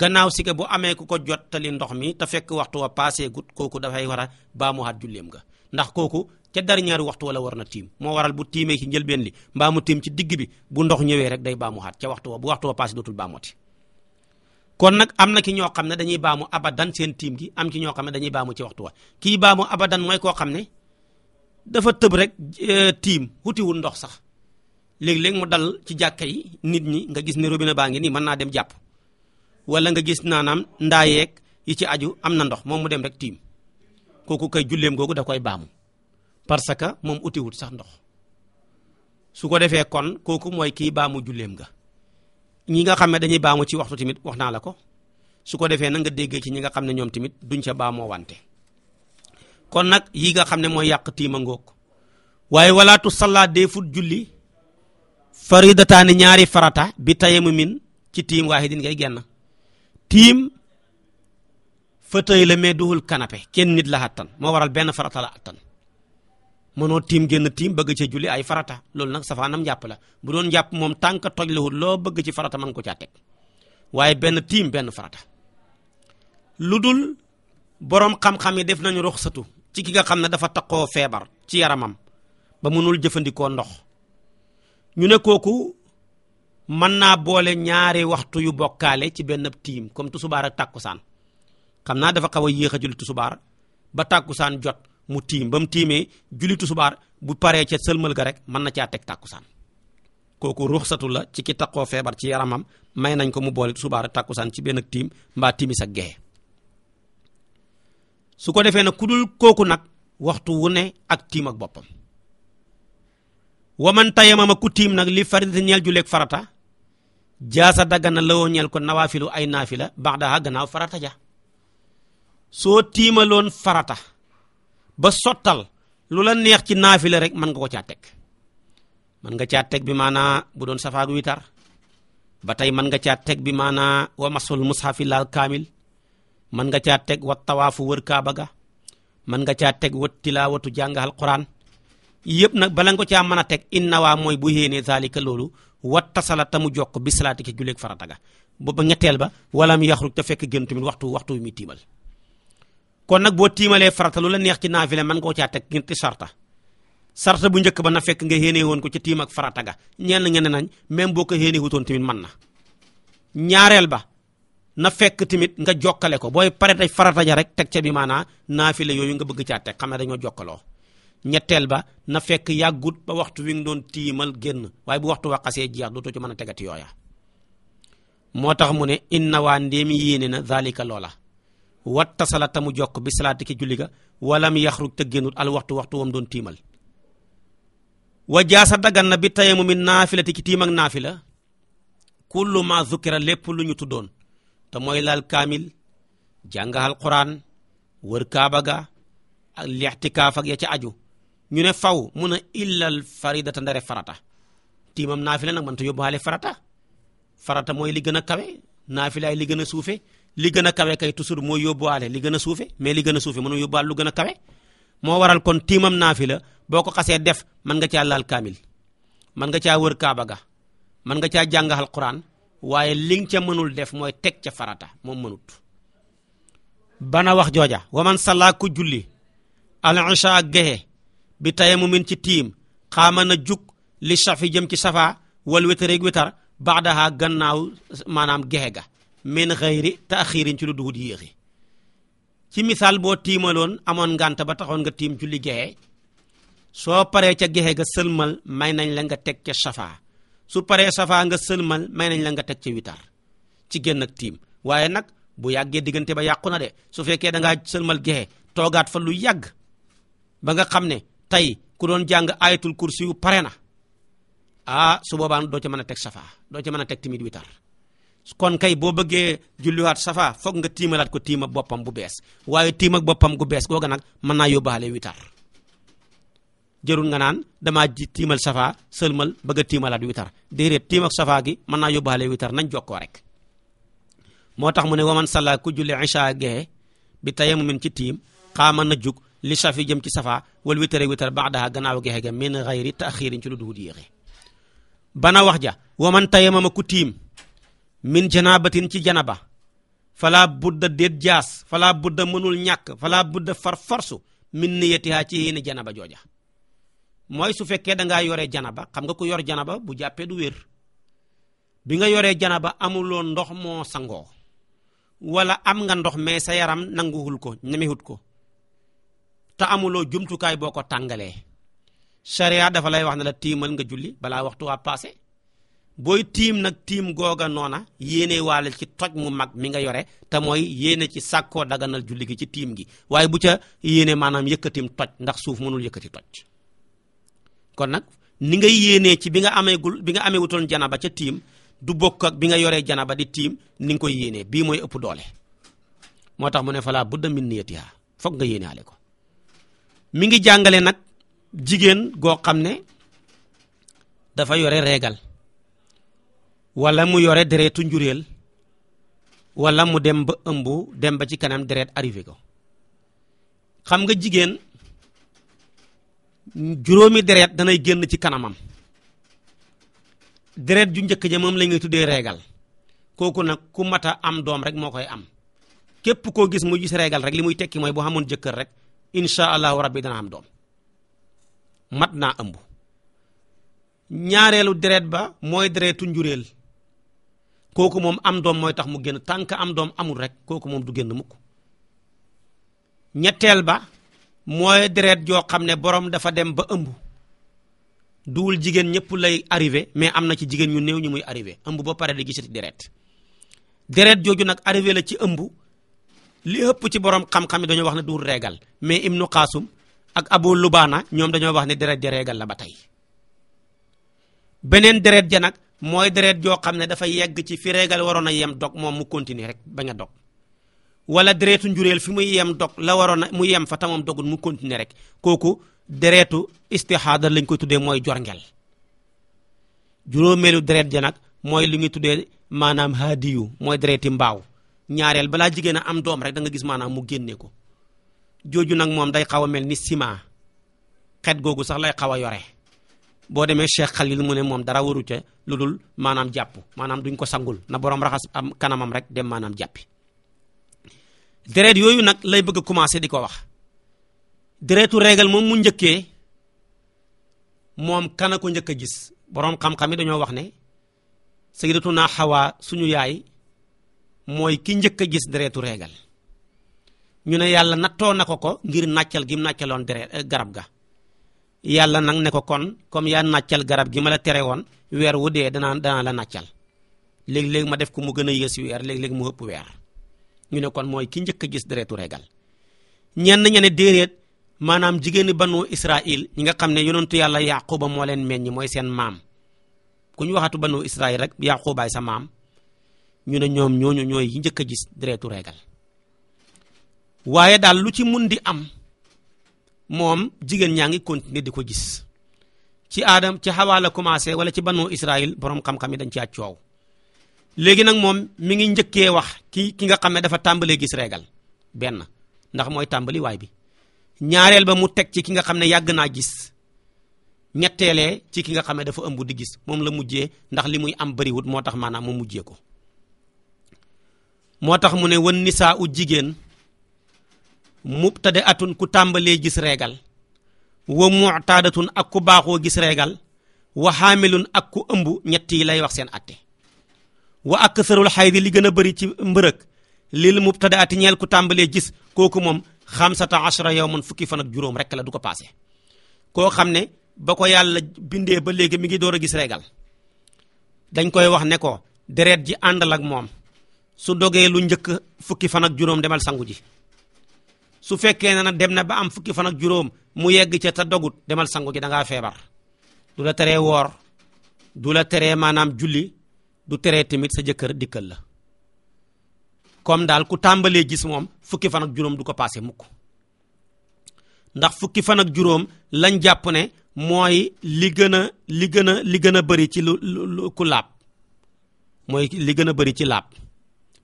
gannaaw si bu amee ku ko jottali ndox mi te fekk waxtu wa paasee gut kooku dafay war a baamuwaat julleem nga ndax kooku ca dara ñaari waxtu wala war na tiim moo waral bu tiimee ci njëlbeen li mbaa mu tiim ci digg bi bu ndox ñëwee rek day baamuwaat ca waxtu wa bu waxtu wa passé dootul baamooti kon nag am na ki ñoo xam ne dañuy baamu abadan seen tiim gi am ci ñoo xam ne dañuy baamu ci waxtu wa kii baamu abadan mooy koo xam ne dafa tëb rek e, tiim wutiwul ndox sax léeg-léeg mu dal ci jàkka yi nit ñi nga gis ne robinet baa ngi nii mën naa dem jàpp wala nga gis naanaam ndaayeeg yi ci aju am na ndox moom mu dem rek tiim kooku kay julleem googu da koy baamu parce que moom utiwut sax ndox su ko defee kon kooku mooy kii baamu julleem nga ñi nga xam ne dañuy baamu ci waxtu tamit wax naa la ko su ko defee na nga déggee ci ñi nga xam ne ñoom tamit duñ ca baamoo wante kon nag yi nga xam ne mooy yàq tiima ngoog waaye walaatu salla defut julli faridataani ñaari farata bi tayamu min ci tiim waahidin ngay genn tiim fauteuil la mais duhul canapé kenn nit la attan moo waral benn farata la attan mënoo tiim genn tiim bëgg ci julli ay farata loolu nag safaanam njàpp la bu doon njàpp moom tànk toj lawut loo bëgg ci farata mën ko caa teg waaye benn tiim benn farata lu dul boroom xam-xam def nañu ruxsatu ci ki nga xam ne dafa taqoo feebar ci yaramam ba mënul jëfandikoo ndox ñu ne kooku mën naa boole ñaari waxtu yu bokkaale ci benn tiim comme tusubaar ak tàkkusaan xam naa dafa xaw a yéex a julli tusubaar ba tàkkusaan jot mu tiim ba mu tiimee julli tusubaar bu paree ca sëlmal ga rek mën na caa teg tàkkusaan kooku ruxsatu la ci ki takkoo feebar ci yaramam may nañ ko mu boole takku tàkkusaan ci benn tiim mbaa timis sag gexe su ko defee nag ku dul kooku nag waxtu wu ne ak tiim ak boppam waman ma ku tiim nag li farida ñeel juleeg farata jaasa daggana lawoo ñeel ko nawaafilu ay naafila baax daa gannaaw farata ja soo tiimaloon farata ba sottal lu la neex ci naafila rek mën nga ko caa teg mën nga caa teg bi maanaa bu doon safaagu witar ba tey mën nga caa teg bi maanaa wa masul mushafi laal kaamil mën nga caa teg wa tawaafu wër kaaba ga mën nga caa teg wa tilaawatu jàng alquran yëpp nag bala nga ko caa mën a teg inna nawaa mooy bu yéenee zalika loolu wa tasala ta mu jokk bi salaati ki juleeg farata ga ba ba ñetteel ba wala mu yaxruj te fekk génn tamit waxtu waxtu mi tiimal kon nag boo tiimalee farata la neex ci naafile man koo caa teg ñetti sarta sarta bu njëkk ba na fekk nga yéene woon ko ci tiim ak farata ga ñenn ngeen ne nañ même boo ko yéene wutoon tamit mën na ba na fekk tamit nga jokkale ko booy pare tey farata rek teg ca bi maanaa naafile yooyu nga bëgg caa teg xam ne dañoo jokkaloo ñetteel ba na fekk yàggut ba waxtu wi nga doon tiimal génn waaye bu waxtu waqasee jeex dootoo ci mën a tegati yooya moo tax mu ne inna waa ndéem yéene na zalika loola watta sala tamu jokko bi salaati ki julli ga walam yaxruj te génnut al waxtu waxtu wam doon tiimal wa jaasa dagan bi tayamu mi naafilati ci tiim ak naafila kullu ma zukira lépp lu ñu tuddoon te mooy laal kaamil jàngaxal quraan wër kaaba ga ak lixtikaaf ak ya ca ñu ne faw mun a illal faridata ndare farata tiimam naafila nag mën ta yóbbaale farata farata mooy li gën a kawe naafilaay li gën a suufe li gën a kawe kay toujours mooy yóbbuwaale li gën a suufe mais li gën a suufe mënoo yóbbuwaale lu gën a kawe moo waral kon tiimam naafila boo ko xasee def mën nga caa laal kaamil mën nga caa wër kaaba ga mën nga caa jàng alquran waaye li nga ca mënul def mooy teg ca farata moom mënut bana wax jooja waman salla ku julli al isha ak gexe bi tayamumin ci tiim xaama na jug li safi jëm ci safa wal wétareeg wétar baadaha gannaaw maanaam gexe ga min xëyri taaxiirin ci lu duhut yéexi ci misaal boo tiimaloon amoon ngànt ba taxoon nga tiim julli gexe soo paree ca gexe ga sëlmal may nañ la nga teg ca safaa su paree safaa nga sëlmal may nañ la nga teg ca witar ci génn tiim waaye nag bu yàggee diggante ba yàqu na de su fekkee da ngaa sëlmal gexe toogaat fa lu yàgg ba nga xam ne tey ku doon jàng ayatul kursi pare na ah su boobaa doo ci mën a teg safa doo ci mën a teg timit witar kon kay boo bëggee julliwaat safa foog nga tiimalaat ko tiim ak boppam bu bees waaye tiim boppam gu bees googa nag mën naa yóbbaale witar jërul nga naan damaa ji tiimal safa sëlmal bëgg a tiimalaat witar déedéet tiim ak safaa gi mën naa yóbbaale witar nañ jokkoo rek moo tax mu ne waman salla ku julli isha gee bi tayammumin ci tiim xaama na jug li safi jëm ci safaa wal witare witar ba'daha gannaaw gexe ga min ghayri ta'khirin ci lu duhut yéexe bana wax ja ma tayamama ku tiim min janabatin ci janaba fala budda déet jaas fala mënul ñàkk fala budda far farsu min niyatiha ci yéene janaba jooja mooy su fekkee dangaa yore janaba xam nga ku yor janaba bu jàppee du wér bi nga yoree janaba amuloo ndox moo sangoo wala am nga ndox mais sa yaram nanguwul ko ñemewut ko te amuloo jumtukaay boo ko tàngalee sharia dafa lay wax na la tiimal nga julli balaa waxtu waa passé booy tiim nag tiim googa noona yéene waale ci toj mu mag mi nga yore te mooy yéene ci sàkkoo daganal julli gi ci tiim gi waaye bu ca yéene maanaam yëkkatim toj ndax suuf mënul yëkkati toj kon nag ni nga yéenee ci bi nga ameegul bi nga amee wutoon janaba ca tiim du bokk ak bi nga yoree janaba di tiim ni nga koy yéenee bii mooy ëpp doole moo tax mu ne falaa budda min niyatiha foog nga yéeneale ko mi jigéen goo xam ne dafa yore reegal walla mu yore deretu njuréel walla mu dem ba ëmb dem ba ci kanam deret arrivé ko xam nga jigéen juróomi deret danay génn ci kanamam deret ju njëkk ja moom la ñuy tuddee reegal kooku nag ku mat a am doom rek moo koy am képp koo gis mu gis reegal rek li muy tekki mooy boo xamoon njëkkër rek incha allahu rabbi dana am doom mat naa ëmb ñaareelu deret ba mooy deretu njuréel kooku moom am doom mooy tax mu génn tànk am doom amul rek kooku moom du génn mukk ñetteel ba mooy deret joo xam ne borom dafa dem ba ëmb duwul jigéen ñëpp lay arrivé mais am na ci jigéen ñu néew ñu muy arrivé ëmb ba pare di gisati deret deret jooju nag arrivé la ci ëmbu li ëpp ci borom xam-xam yi dañoo wax ne duul reegal mais Ibnu Qaasim ak abu lubaana ñoom dañoo wax ne deret ja reegal la ba tey beneen deret ja nag mooy deret joo xam ne dafa yegg ci fi reegal waroon a yem dog moom mu continuer rek bañ a dog wala deretu njureel fi muy yem dog la waroon a mu yem fa tamoom dogul mu continuer rek kooku deretu istihada lañ koy tuddee mooy jorngel juróomeelu deret ja nag mooy li ñuy tuddee maanaam haadiyu mooy dereti mbaaw ñaareel balaa jigéen a am doom rek danga gis maanaam mu génnee ko jooju nag moom day xaw a mel ni ciment xet googu sax lay xaw a yore boo demee Cheikh Khalil mu ne moom dara warute lu dul maanaam jàpp maanaam duñ ko sangul na borom raxas am kanamam rek dem maanaam jàppi deret yooyu nag lay bëgg a commencé di ko wax deretu régal moom mu njëkkee moom kana ko njëkk a gis boroom xam-xam yi dañoo wax ne sayyidatuna Hawa suñu yaay mooy ki njëkk a gis deretu régal ñu ne yàlla nattoo na ko ko ngir nàccal gi mu nàccaloon dere eh, garab ga yàlla nag ne ko kon comme yaa nàccal garab gi ma la tere woon weer wu dee danaa danaa la nàccal léeg-léeg ma def ko mu gën a yées weer léeg-léeg mu ëpp weer ñu ne kon mooy ki njëkk a gis deretu regal ñenn ña ne déedéet maanaam jigéeni banu Israil ñi nga xam ne yonentu yàlla yaquba moo leen meññ mooy seen maam ku ñu waxatu banu Israil rek yaqubaay sa maam ñu ne ñoom ñooñu ñooy yi njëkk a gis deretu regal waaye daal lu ci mun di am moom jigéen ñaa ngi continuer di ko gis ci aadam ci xawaa la commencé wala ci banu Israël boroom xam-xam yi dañ caa coow léegi nag moom mi ngi njëkkee wax ki ki nga xam ne dafa tàmbalee gis reegal benn ndax mooy tàmbali waay bi ñaareel ba mu teg ci ki nga xam ne yàgg naa gis ñetteelee ci ki nga xam ne dafa ëmb di gis moom la mujjee ndax li muy am bariwut moo tax maanaam mu mujjee ko moo tax mu ne wan nisaa u jigéen mubtada atun ku tàmbalee gis reegal wa mu'tadatun ak ku baaxoo gis reegal wa xaamilun ak ku ëmb ñett yi lay wax seen atte wa aktharul xaydi li gën a bari ci mbërëg lil mubtada ati ñeel ku tàmbalee gis kooku moom xamsata ashra yawman fukki fan ak juróom rekk la du ko paase koo xam ne ba ko yàlla bindee ba léegi mi ngi door a gis reegal dañ koy wax ne ko deret ji àndal ak moom su dogee lu njëkk fukki fan ak juróom demal sangu ji su fekkee ne na dem na ba am fukki fan ak juróom mu yegg ca te dogut demal sangu ci da ngaa feebar du la teree woor du la teree maanaam julli du teree tamit sa jëkkër dikkal la comme daal ku tàmbalee gis moom fukki fan ak juróom du ko passé mukk ndax fukki fan ak juróom lañ jàpp ne mooy li gën a li gën a li gën a bëri ci lu lu ku laab mooy li gën a bëri ci laab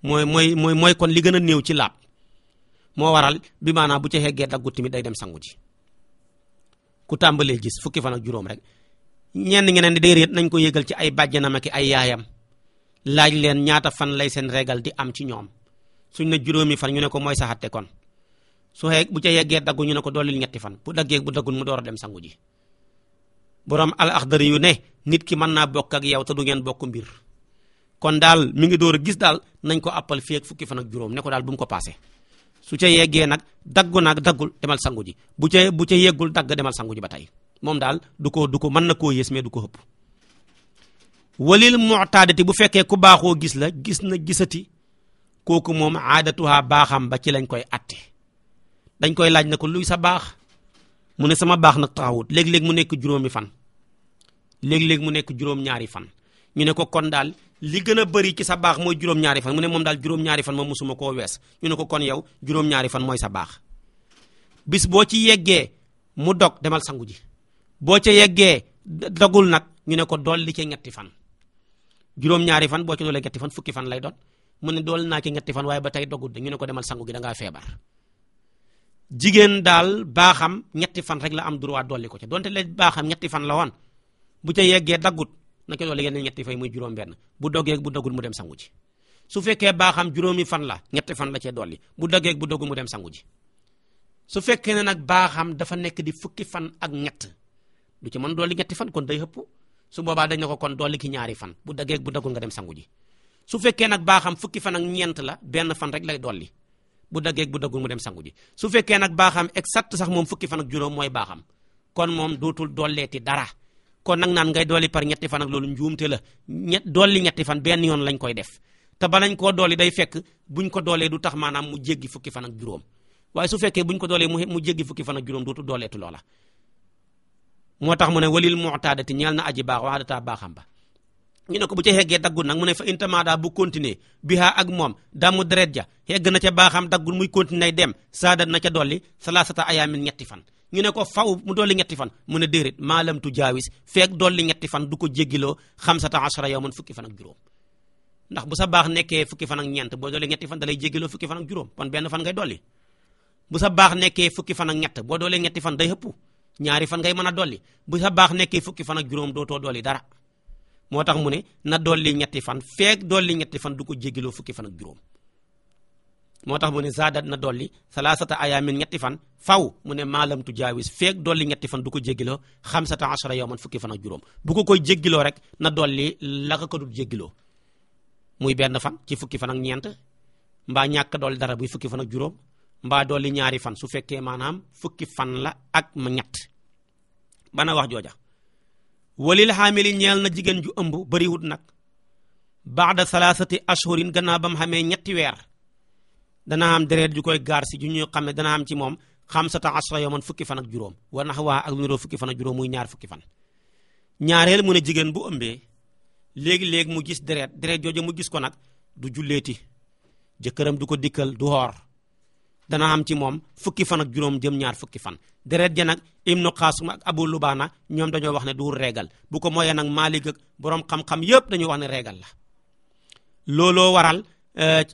mooy mooy mooy mooy kon li gën a néew ci laab moo waral bi maanaa bu ca xeggee daggut tamit day dem sangu ji ku tàmbalee gis fukki fan ak juróom rek ñenn ñeneen di déedéet nañ ko yëgal ci ay bàjjanam ak ay yaayam laaj leen ñaata fan lay seen régal di am ci ñoom suñ ne juróomi fan ñu ne ko mooy saxatte kon su xeeg bu ca yeggee daggu ñu ne ko dollil ñetti fan bu daggee bu daggul mu door a dem sangu ji borom al axdari yu ne nit ki mën naa bokk ak yow te du ngeen bokk mbir kon daal mu ngi door a gis daal nañ ko appal fii ak fukki fan ak juróom ne ko daal bu mu ko paase. su ca yeggee nag daggu nag daggul demal sangu ji bu ca bu ca yeggul dagg demal sangu ji ba tey moom daal du ko du ko mën na koo yées mais du ko xëpp walil mu'tadati bu fekkee ku baaxoo gis la gis na gisati kooku moom aadatuha baaxam ba ci lañ koy atte dañ koy laaj na ko luy sa baax mu ne sama baax nag taxawut léeg-léeg mu nekk juróomi fan léeg-léeg mu nekk juróom-ñaari fan ñu ne ko kon daal li gën a bëri ci sa baax mooy juróom-ñaari fan mu ne moom daal juróom-ñaari fan moom mosuma koo wees ñu ne ko kon yow juróom-ñaari fan mooy sa baax bis boo ci yeggee mu dog demal sangu ji boo ci yeggee dogul nag ñu ne ko dolli ñetti fan juróom-ñaari fan boo ci dolli ñetti fan lay doon mu ne dool naa ci ñetti fan waaye ba tey dogul de ñu ne ko demal sangu gi da ngaa jigéen daal baaxam ñetti fan rek la am droit dolli ko ca donte le baaxam ñetti fan la woon bu ca yeggee daggut naka noonu liggéey na ñetti fay muy juróom benn bu doggeeg bu dogul mu dem sangu ji su fekkee baaxam juróomi fan la ñetti fan la cee dolli bu doggeeg bu dogul mu dem sangu ji su fekkee ne nag baaxam dafa nekk di fukki fan ak ñett du ci mën dolli ñetti fan kon day xëpp su boobaa dañ ko kon dolli ki ñaari fan bu doggeeg bu dogul nga dem sangu ji su fekkee nag baaxam fukki fan ak ñeent la benn fan rek lay dolli bu doggeeg bu dogul mu dem sangu ji su fekkee nag baaxam exact sax moom fukki fan ak juróom mooy baaxam kon moom dootul ti dara kon nag naan ngay dolli par ñetti fan loolu njuumte la ñett dolli ñetti fan benn yoon lañ koy def te balañ koo dolli day fekk buñ ko doolee du tax maanaam mu jéggi fukki fanak juróom waaye su fekkee buñ ko doolee mu jéggi fukki fan ak juróom dootu dooleetu loola moo tax mu ne walil mu'tadati ñeel na aji baax wax taa baaxam ba ñu ne ko bu ca xeggee daggul nag mu ne fa intamada bu bi biha ak moom damu deret ja xegg na ca baaxam daggul muy continuer dem saada na ca dolli salasata ayaamin ñetti fan ñu ne ko faw mu dolli ñetti fan mu ne déedéet maalam tu jaawis feek dolli ñetti fan du ko jéggiloo xamsata ashara yawman fukki fan ak juróom ndax bu sa baax nekkee fukki fan ak ñeent boo dolli ñetti fan da lay jéggiloo fukki fan ak juróom kon benn fan bu sa baax nekkee fukki fan ak ñett boo doolee ñetti fan day ëpp ñaari fan ngay mën a dolli bu sa baax nekkee fukki fan ak juróom dootoo dolli dara moo tax mu ne na dolli ñetti fan feek dolli ñetti fan du ko jéggiloo fukki fan ak juróom moo tax mu ne zaadat na dolli salaasata ayaamin ñetti fan faw mu ne maalam tu jaawis feeg dolli ñetti fan du ko jéggiloo xamsata ashara yawman fukki fan ak juróom bu ko koy jéggiloo rek na dolli la ko muy benn fan ci fukki fan ak ñeent mbaa ñàkk dolli dara buy fukki fan ak juróom mbaa ñaari fan su fekkee maanaam fukki fan la ak ma ñett bana wax jooja walil xaamili ñeel na jigéen ju ëmb bariwut nag baada salaasati ashhurin gannaaw ba mu xamee ñetti weer dana am deret ju koy gaar si ju ñu xam ne dana am ci moom xamsata asra yawman fukki fanak juróom wa nax waa ak niroo fukki fan ak juróom muy ñaar fukki fan ñaareel mu ne jigéen bu ëmbee léegi-léegi mu gis deret deret jooju mu gis ko nag du julleeti jëkkëram du ko dikkal du xoor dana am ci moom fukki fan ak juróom jëm ñaar fukki fan deret ja nag Ibnu Qaasim ak Abu Lubaana ñoom dañoo wax ne du reegal bu ko mooyee nag Maalik ak boroom xam-xam yépp dañoo wax ne reegal la looloo waral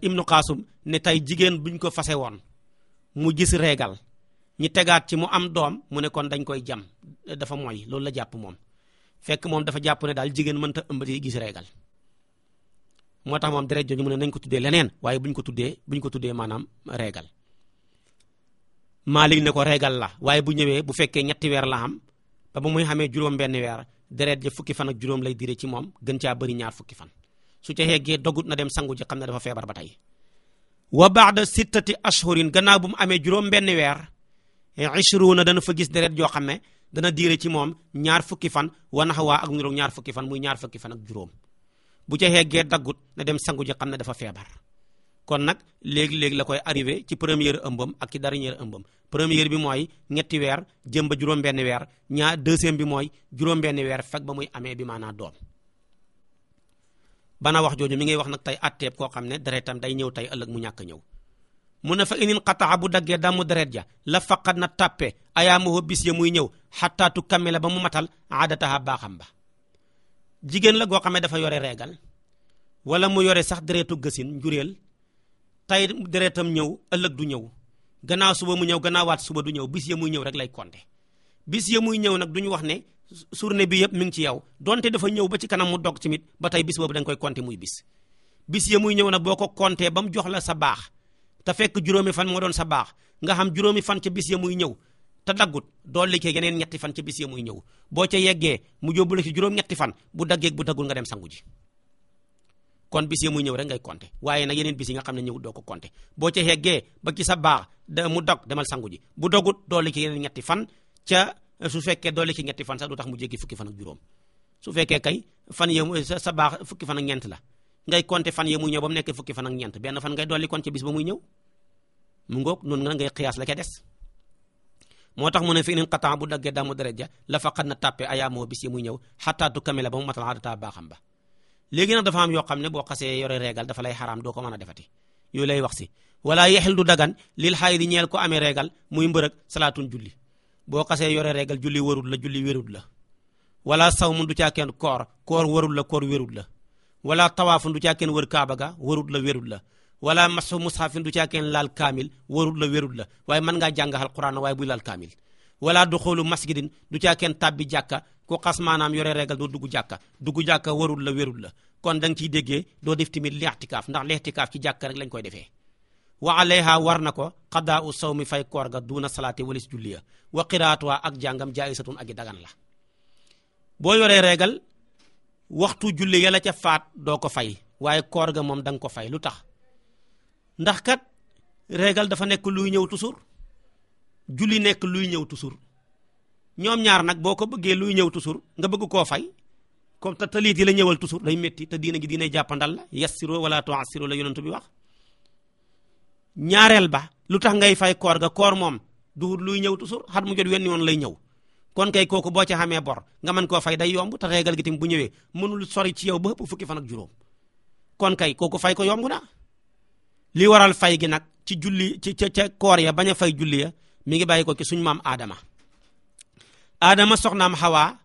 ibnu Qaasim ne tey jigéen buñ ko fase woon mu gis reegal ñi tegaat ci mu am doom mu nekkoon dañ koy jam dafa mooy loolu la jàpp moom fekk moom dafa jàpp ne daal jigéen mënta ëmb di gis reegal moo tax moom deret jooju mu ne nañ ko tuddee leneen waaye buñ ko tuddee buñ ko tuddee maanaam reegal Maalik ne ko reegal la waaye bu ñëwee bu fekkee ñetti weer la am ba ba muy xamee juróom benn weer deret ja fukki fan ak juróom lay dire ci moom gën caa ñaar fukki fan su ca yeggee dogut na dem sangu ji xam ne dafa feebar ba tey wa ba'da sittati ashhurin gannaaw bu mu amee juróom benn weer na dana fa gis deret joo xam ne dana diire ci moom ñaar fukki fan wa naxawaa ak niroog ñaar fukki fan muy ñaar fukki fan ak juróom bu ca yeggee daggut na dem sangu ji xam ne dafa feebar kon nag léegi-léegi la koy arrivé ci première ëmbam ak ci dernière ëmbam première bi mooy ñetti weer jëm ba juróom benn weer ñaar deuxième bi mooy juróom weer fekk ba muy amee bi maanaa doom banaa wax jooju mi ngay wax nag tey atteeb koo xam ne deretam day ñëw tey ëllëg mu ñàkk ñëw mu ne fa inin xataa bu daggee damu deret ja la faqat na tàppe ayaamoho bis ya muy ñëw xataa tu ba mu matal aadataha baaxam ba jigéen la goo xam ne dafa yore reegal wala mu yore sax deretu gësin njuréel tey deretam ñëw ëllëg du ñëw gannaaw suba mu ñëw gannaawaat suba du ñëw bis muy ñëw rek lay konte bis ya muy ñëw nag duñu wax ne journée bi yëpp mi ngi ci yow donte dafa ñëw ba ci kanam mu dog tamit ba tey bis boobu da nga koy compter muy bis bis ya muy ñëw na boo ko compter ba mu jox la sa baax te fekk juróomi fan moo doon sa baax nga xam juróomi fan ca bis ya muy ñëw te daggut dolli ci yeneen ñetti fan ca bis muy ñëw boo ca yeggee mu yóbbu la ci juróom-ñetti fan bu daggee bu daggul nga dem sangu ji kon bis ya muy ñëw rek ngay compter waaye nag yeneen bis yi nga xam ne ñëw doo ko compter boo ca yeggee ba ci sa baax da mu dog demal sangu ji fan su fekkee dolli ci ñetti fan sax du tax mu jéggi fukki fan ak juróom su fekkee kay fan yemu sa sa baax fukki fan ak ñeent la ngay konte fan mu ñëw ba mu nekk fukki fan ñeent benn fan na dolli kon ci bis ba muy ñëw mu ngoog noonu nga ngay xiyaas la ca des. moo tax mu ne fi ka xataa bu daggee daamu daraja la fa xat na tàppe ayaamoo bis yi muy ñëw xattaatu kamila ba mu matal adata baaxam ba léegi nag dafa am yoo xam ne boo xasee yore régal dafa lay xaraam doo ko mën a defati yooyu lay wax si wala yexil du dagan lil xaay di ko amee régal muy mbërëg salaatun julli boo xasee yore régal julli warut la julli wérut la wala sawmun du caa kenn koor koor warut la koor wérut la wala tawaafun du caa kenn wër kaaba ga warut la wérut la wala masu mushafin du caa kenn laal kaamil warut la wérut la waaye mën ngaa jàng alquran waaye buy laal kaamil wala duxulu masjidin du caa kenn tàbbi jàkka ku xas maanaam yore régal doo dugg jàkka dugg jàkka warut la wérut la kon da nga ciy déggee doo def tamit lixtikaaf ndax lixtikaaf ci jàkka rek lañ koy defee wa war na ko xadaa u saw mi fay koor ga duuna salaati walis julliya wa qiraatuha ak jàngam jaayisatun ak i dagan la boo yoree reegal waxtu julli la ca faat doo ko fay waaye koor ga moom da nga ko fay lu tax ndax kat reegal dafa nekk luy ñëw toujours julli nekk luy ñëw toujours ñoom ñaar nag boo ko bëggee luy ñëw toujours nga bëgg koo fay comme te taliit yi la ñëwal toujours day métti te diina gi diinay jàppandal la yassiro wala tu'assiro la yonentu bi wax ñaareel ba lu tax ngay fay koor ga koor moom du luy ñëw toujours xat mu jot wenn yoon lay ñëw kon kay kooku boo ci xamee bor nga mën koo fay day yomb te régal gi tamit bu ñëwee mënul sori ci yow ba ëpp fukki fan ak juróom kon kay kooku fay ko yomb na li waral fay gi nag ci julli ci ca ca koor ya bañ a fay julli ya mi ngi bàyyi ko ci suñu maam Adama Adama soxnaam Hawa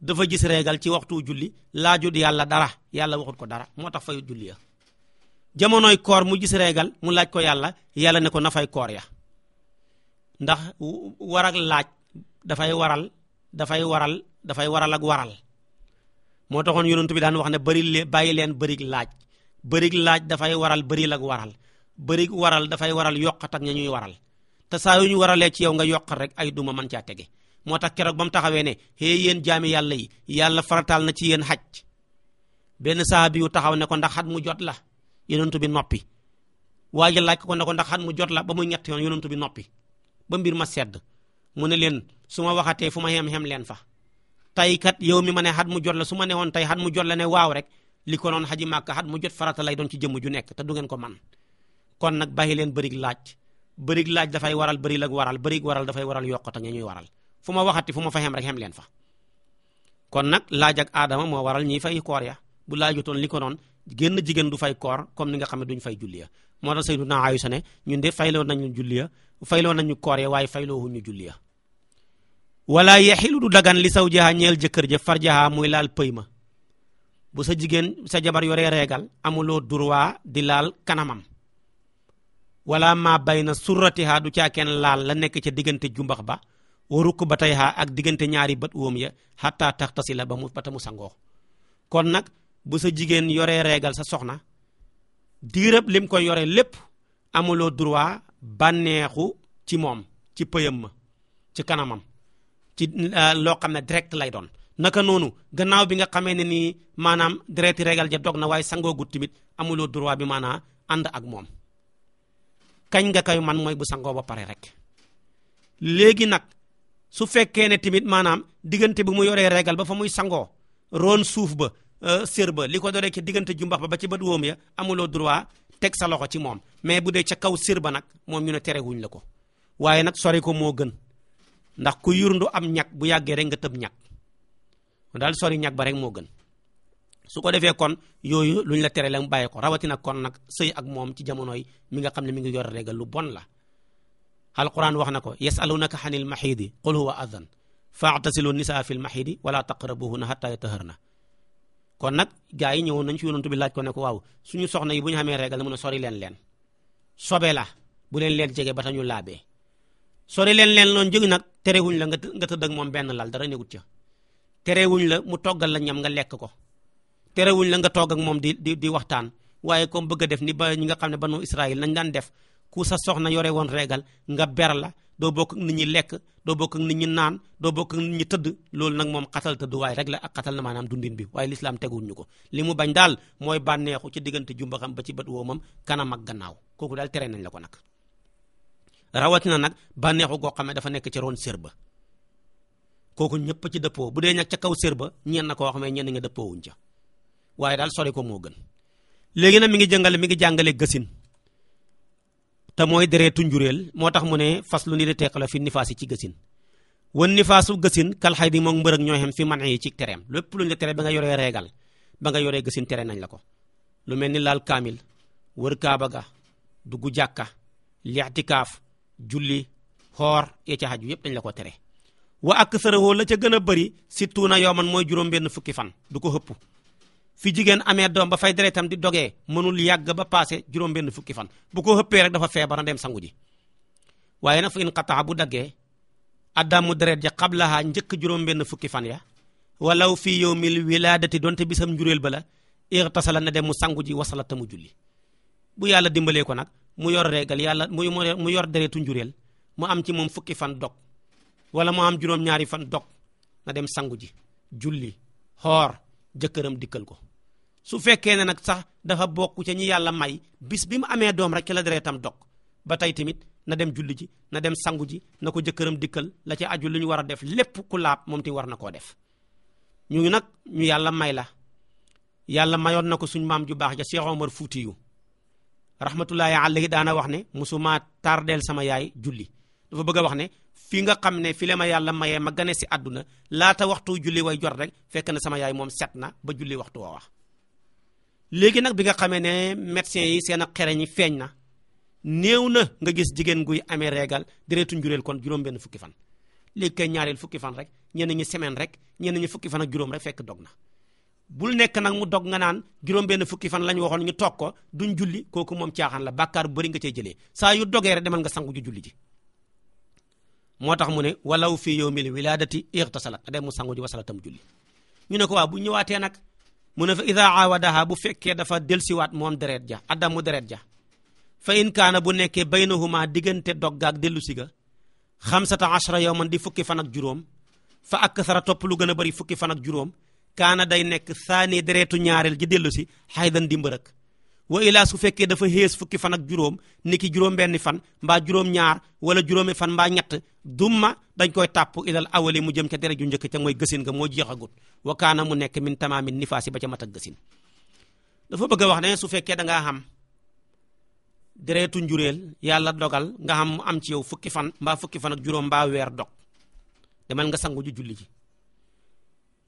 dafa gis régal ci waxtu julli laajut yàlla dara yàlla waxut ko dara moo tax fay julli jamonoy koor mu gis reegal mu laaj ko yàlla yàlla ne ko na fay koor ya ndax war laaj dafay waral dafay waral dafay waral ak waral moo taxoon yonent bi daan wax ne bari leen bàyyi leen bërig laaj bërig laaj dafay waral bëril ak waral bërig waral dafay waral yokkat ak ña ñuy waral te saa yu ñu waralee ci yow nga yokkat rek ay duma mën caa tege moo tax keroog ba mu taxawee ne xée yéen jaami yàlla yi yàlla farataal na ci yéen xaj benn saa bi yu taxaw ne ko ndax xat mu jot la yonentu bi noppi waa ji laaj ko ne ko ndax xan mu jot la ba muy ñett yoon yonentu bi noppi ba mbir ma sedd mu ne leen su ma waxatee fu ma xem-xem leen fa tey kat yow mi ma ne xat mu jot la su ma ne woon tey xat mu jot la ne waaw rek li ko noon xaji màkk mu jot farata lay doon ci jëmm ju nekk te du ngeen ko man kon nag bàyyi leen bërig laaj bërig laaj dafay waral bëri ak waral bërig waral dafay waral yokkata ña ñuy waral fu ma waxati fu ma fa xem rek xem leen fa kon nag laaj ak aadama moo waral ñiy fay ya bu laajutoon li ko noon génn jigéen du fay koor comme ni nga xam ne duñ fay julliya moo tax Sayyiduna Aysa ne ñun de fayloo nañu julliya fayloo nañu koor ya waaye fayloohuñu julliya wala yaxilu du dagan li sawjaha ñeel jëkkër ja farjaha muy laal pëy ma bu sa jigéen sa jabar yore reegal amuloo droit di laal kanamam wala ma bay na surratiha du caakeen laal la nekk ca diggante jumbax ba warukk ba tey ha ak diggante ñaari bët woom ya xataa tax la ba mu sangoo bu sa jigéen yoree regal sa soxna diirëb lim koy yore lépp amuloo droit bànneexu ci moom ci pëyam ma ci kanamam ci euh, loo xam ne direct lay doon naka noonu gannaaw bi nga xamee ne nii maanaam direct regal ja dog na waaye sangoogut tamit amuloo droit bi maanaa ànd ak moom kañ nga koy man mooy bu sangoo ba pare rek léegi nag su fekkee ne tamit maanaam diggante bu mu yoree regal ba fa muy sangoo roon suuf ba Euh, sér ba li ko dooree ci diggante jumbax ba ba ci bët woom ya amuloo droit teg sa loxo ci moom mais bu dee ca kaw sér ba nag moom ñu ne terewuñ la ko waaye nag sori ko moo gën ndax ku yurndu am ñag bu yàggee rek nga tëb ñag daal sori ñag ba rek moo gën su ko defee kon yooyu luñ la tere la mu bàyyi ko rawatina kon nag sëy ak moom ci jamonoy mi nga xam ne mi ngi yor régal lu bon la alquran wax na ko yasalunaka xanil maxiidi qul huwa adan faatasilu nisaa fi lmaxiidi wala taqrabuhunna xatta yataharna kon nag gaa yi ñëwoon nañ ci yonantu bi laaj ko ne ko waaw suñu soxna yi bu ñu xamee régal mun a sori leen leen sobe la bu leen leen jege ba tañu laabee sori leen leen loon jóg nag terewuñ la nga nga tëdd ak moom benn lal dara negut ca terewuñ la mu toggal la ñam nga lekk ko terewuñ la nga togg moom di di di waxtaan waaye comme bëgg def ni ba ñi nga xam ne ba banu Israël nañ daan def ku sa soxna yore woon régal nga ber la doo bokk ak nit lekk doo bokk ak nit naan doo bokk ak nit tëdd loolu nag moom xatal tëdd waaye rek la ak xatal na maanaam dundin bi waaye lislaam teguwul ñu ko li mu bañ daal mooy bànneexu ci diggante jumba xam ba ci bët woomam kanam ak gannaaw kooku daal tere nañ la ko nag rawatina nag bànneexu goo xam ne dafa nekk ci roon sér ba kooku ñëpp ci dëppoo bu dee nag ca kaw sér ba ñeen koo xam ne ñenn nga dëppoowuñ ca waaye daal sori ko moo gën léegi nag mi ngi jàngale mi ngi jàngale gësin te mooy deretu njureel moo tax mu ne fas lu ni di teq la fi nifaas yi ci gësin wan nifaasu gësin kal xay di moom mbërëg ñoo xem fi man yi ci tereem lépp lu ñu la tere ba nga yoree ba nga yoree gësin tere nañ la ko lu mel ni laal kaamil wër kaaba ga dugg jàkka li'tikaaf julli xoor ya ca yëpp dañ la ko tere wa ak sërëwoo la ca gën a bëri si tuuna yoo man mooy juróom benn fukki fan du ko xëpp fi jigéen amee doom ba fay deretam di dogee mënul yàgg ba passé juróom benn fukki fan bu ko xëppee rek dafa feebar na dem sangu ji waaye nag fa in xataa bu daggee addamu deret ja xablaha njëkk juróom fukki fan ya walaw fii yawmil wilaadati donte bisam njuréel ba la irtasala na dem mu sangu ji wasala ta mu julli bu yàlla dimbalee ko nag mu yor régal yàlla mu mu yor dereetu njuréel mu am ci moom fukki fan dog wala mu am juróom-ñaari fan dog na dem sangu ji julli xoor jëkkëram dikkal ko su fekkee ne nag sax dafa bokk ca ñi yàlla may bis bi mu amee doom rek ci la deretam dog ba tey tamit na dem julli ji na dem sangu ji na ko jëkkëram dikkal la ca aju lu ñu war a def lépp ku laab moom ti war na koo def ñu ngi nag ñu yàlla may la yàlla mayoon na ko suñ maam ju baax ja Cheikh Omar Fuuti yu rahmatullahi alayhi daana wax ne musuma tardeel sama yaay julli dafa bëgg a wax ne fi nga xam ne fi la ma yàlla mayee ma gane si àdduna laata waxtu julli way jot rek fekk na sama yaay moom set na ba julli waxtu woo wax léegi nag bi nga xamee ne médecin yi seen xereñ ñi feeñ na néew na nga gis jigéen guy amee regal deretu njureel kon juróom-benn fukki fan léegi ñaareel fukki fan rek ñenn ñi semaine rek ñenn ñi fukki fan ak juróom rek fekk dog na bul nekk nag mu dog nga naan juróom-benn fukki fan lañ waxoon ñu toog ko duñ julli kooku moom caaxaan la bàkkaar bu nga cee jëlee saa yu dogee rek demal nga sangu ju julli ji moo tax mu ne walaw fii yawmil wiladati ightasalat dem mu sangu ji wasalatam julli ñu ne ko waaw bu ñëwaatee nag mu ne fa ida aawadaha bu fekkee dafa delsiwaat moom deret ja addamu deret ja fa in kaana bu nekkee baynahuma diggante doggaak dellu si ga xamsata ashra yawman di fukki fan ak juróom fa ak akthara topp lu gën a bëri fukki fan ak juróom kaana day nekk saani deretu ñaareel ji dellu si xaydan di mbërëk wa ilaa su fekkee dafa xées fukki fan ak juróom niki juróom benni fan mbaa juróom ñaar wala juróomi fan mbaa ñett dumma dañ koy tàpp ilal awali mu jëm ca dere ju njëkk ca mooy gësin nga moo jeexagut wa kaana mu nekk min tamaamin nifaasi ba ca mat ak gësin dafa bëgg a wax ne su fekkee da ngaa xam deretu njureel yàlla dogal nga xam am ci yow fukki fan mbaa fukki fan ak juróom mbaa weer dog demal nga sangu ji julli ji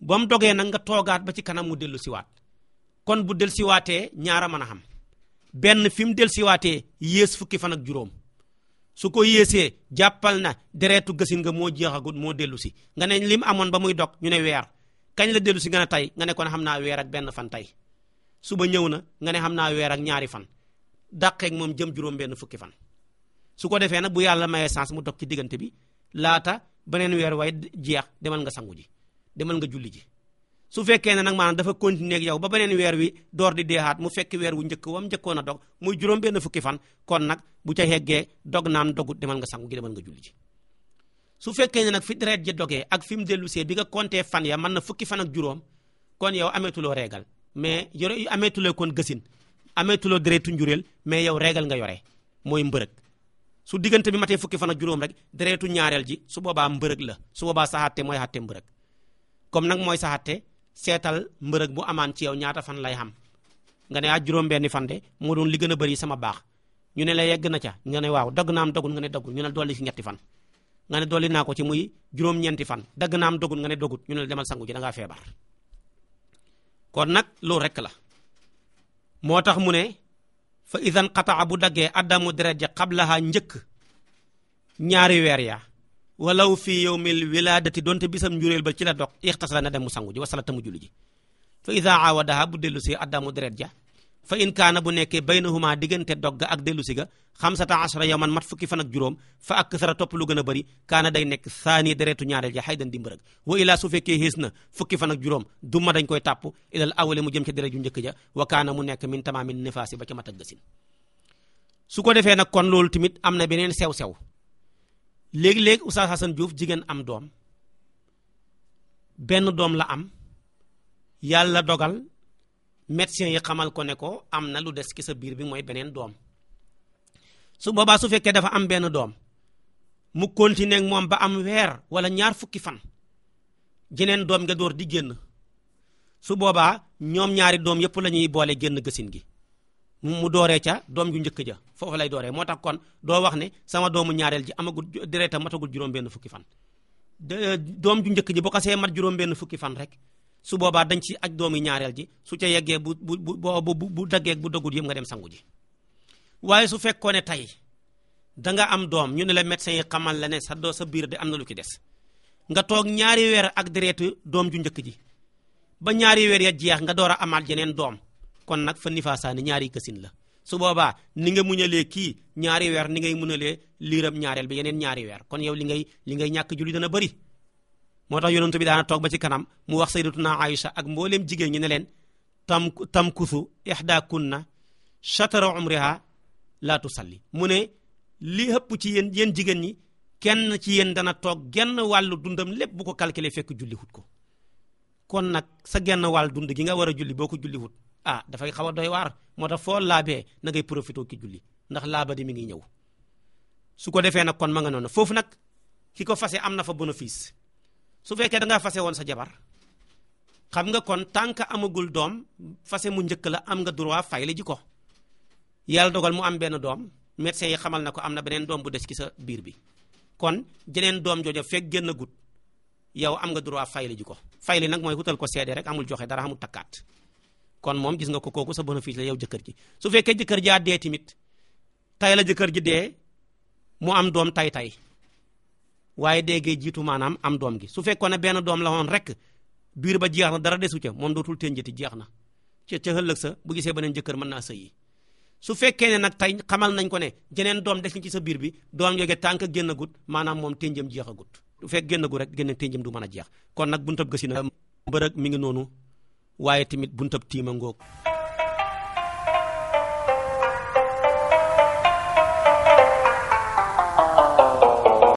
ba mu dogee nag nga toogaat ba ci kanam mu dellu siwaat kon bu dellu siwaatee ñaara mën a xam benn fi mu dellusiwaatee yées fukki fan ak juróom su ko yéesee jàppal na deretu gësin nga moo jeexagut moo dellu si nga ne lim amoon ba muy dog ñu ne weer kañ la dellu si nga ne tey nga ne kon xam naa weer ak benn fan tey suba ñëw na nga ne xam naa weer ak ñaari fan dàqeeg moom jëm juróom benn fukki fan su ko defee nag bu yàlla mayee sens mu dog ci diggante bi laata beneen weer way jeex demal nga sangu ji demal nga julli ji su fekkee ne nag maanaam dafa continuer ak yow ba beneen weer wi door di dee deexaat mu fekk weer wu njëkk wam njëkkoon a dog muy juróom benn fukki fan kon nag bu ca heggee dog naam dogut demal nga sangu gi demal nga julli su fekkee ne nag fi deret ji dogee ak fi mu dellu see bi nga compter fan ya mën na fukki fan ak juróom kon yow ameetuloo reegal mais yore ameetuloo kon gësin ameetuloo deretu njureel mais yow reegal nga yore mooy mbërëg su diggante bi matee fukki fan ak juróom rek deretu ñaareel ji su boobaa mbërëg la su boobaa sa xatte mooy xatte comme nag mooy sa xatte seetal mbërëg bu amaan ci yow ñaata fan lay xam nga ne ah juróom-benni fan de moo doon li gën a bëri sama baax ñu ne la yegg na ca nga ne waaw dagg naam dogul nga ne dogul ñu ne dolli ci ñetti fan nga ne dolli naa ko ci muy juróom-ñeenti fan dagg naam dogul nga ne dogul ñu ne la demal sangu ji da ngaa feebar kon nag loolu rekk la moo tax mu ne fa idan qataa bu daggee addamu deret ji xablaha njëkk ñaari weer ya walaw fi yawmil wilaadati donte bisam njuréel ba ci la dog ixtasala na dem mu sangu ji wasala tamu julli a fa da awadaha bu dellu si addamu deret ja fa in kaana bu nekkee baynahuma diggante dogga ak dellu si ga xamsata ashara yawman mat fukki fan juróom fa ak sara topp lu gën a bëri kaana day nekk saani deretu ñaareel ja xaydan di mbërëg wa ilaa su fekkee xiis na fukki fan ak juróom duma dañ koy tàpp ilal awale mu jëm ca deret ju njëkk ja wa kaana mu nekk min tamaamin nifaasi ba ca mat ak gasin su ko defee nag kon loolu tamit am na beneen sew-sew léegi léeg Oustaz Assane Diouf jigéen am doom benn doom la am yàlla dogal médecin yi xamal ko ne ko am na lu des ci sa biir bi mooy beneen doom su boobaa su fekkee dafa am benn doom mu continuer ak moom ba am weer wala ñaar fukki fan jeneen doom nga door di génn su boobaa ñoom ñaari doom yëpp la ñuy boole génn gësin gi mu dooree ca doom ju njëkk ja foofu lay dooree moo tax kon doo wax ne sama doomu ñaareel ji amagul dereeta matagul juróom-benn fukki fan. Euh, doom ju njëkk ji boo ko mat juróom-benn fukki fan su boobaa dañ ci aj doomu ñaareel ji su ca yeggee bu bu bu bu daggee bu daggut yëpp nga dem sangu ji. waaye su fekkoon ne tey da nga am doom ñu ne la médecin yi xamal la ne sa doo sa biir de am na lu ci des nga toog ñaari weer ak dereetu doom ju njëkk ji ba ñaari weer ya jeex nga door a amaat jeneen doom. kon nag fa nifaasaani ñaari kësin la su boobaa ni nga muñalee kii ñaari weer ni ngay muñalee liiram ñaareel bi yeneen ñaari weer kon yow li ngay li ngay ñàkk julli dana bari moo tax yonentu bi daana toog ba ci kanam mu wax sayyidatuna Aïcha ak mbooleem jigéen ñi ne leen tam tamkusu ihda kunna shatara umriha la tusalli mu ne lii ëpp ci yéen yéen jigéen ñi kenn ci yéen dana toog genn wàllu dundam lépp bu ko calculer fekk julli wut ko kon nag sa genn wàll dund gi nga war a julli boo ko julli ah dafay xaw a doy waar moo tax foo laabee na ngay profité ki julli ndax laaba di mi ngi ñëw su ko defee nag kon ma nga noonu foofu nag ki ko fase am na fa bénéfice su fekkee da ngaa fase woon sa jabar xam nga kon tant que amagul doom fase mu njëkk la am nga droit fayle ji ko yàlla dogal mu am benn doom médecin yi xamal na ko am na beneen doom bu des ci sa biir bi kon jeneen doom jooja fekk génn gut yow am nga droit fayle ji ko fayle nag mooy wutal ko seede rek amul joxe dara amul takkaat kon moom gis nga ko kooku sa bénéfice la yow jëkkër ji su fekkee jëkkër jaa dee tamit tay la jëkkër ji dee mu am doom tay tay waaye déggee jiitu maanaam am doom gi su fekkoon ne benn doom la woon rek biir ba jeex na dara desu ca moom dootul tënjati jeex na ca ca ëllëg sa bu gisee beneen jëkkër mën naa sëyi su fekkee ne nag tey xamal nañ ko ne jeneen doom des ci sa biir bi doom yooyu tànk génn gut maanaam moom tënjam jeexagut su fekk génn gu rek génn tënjam du mën a jeex kon nag buntab gësi na mbërëg mi ngi noonu waaye tamit buntab tiima ngoog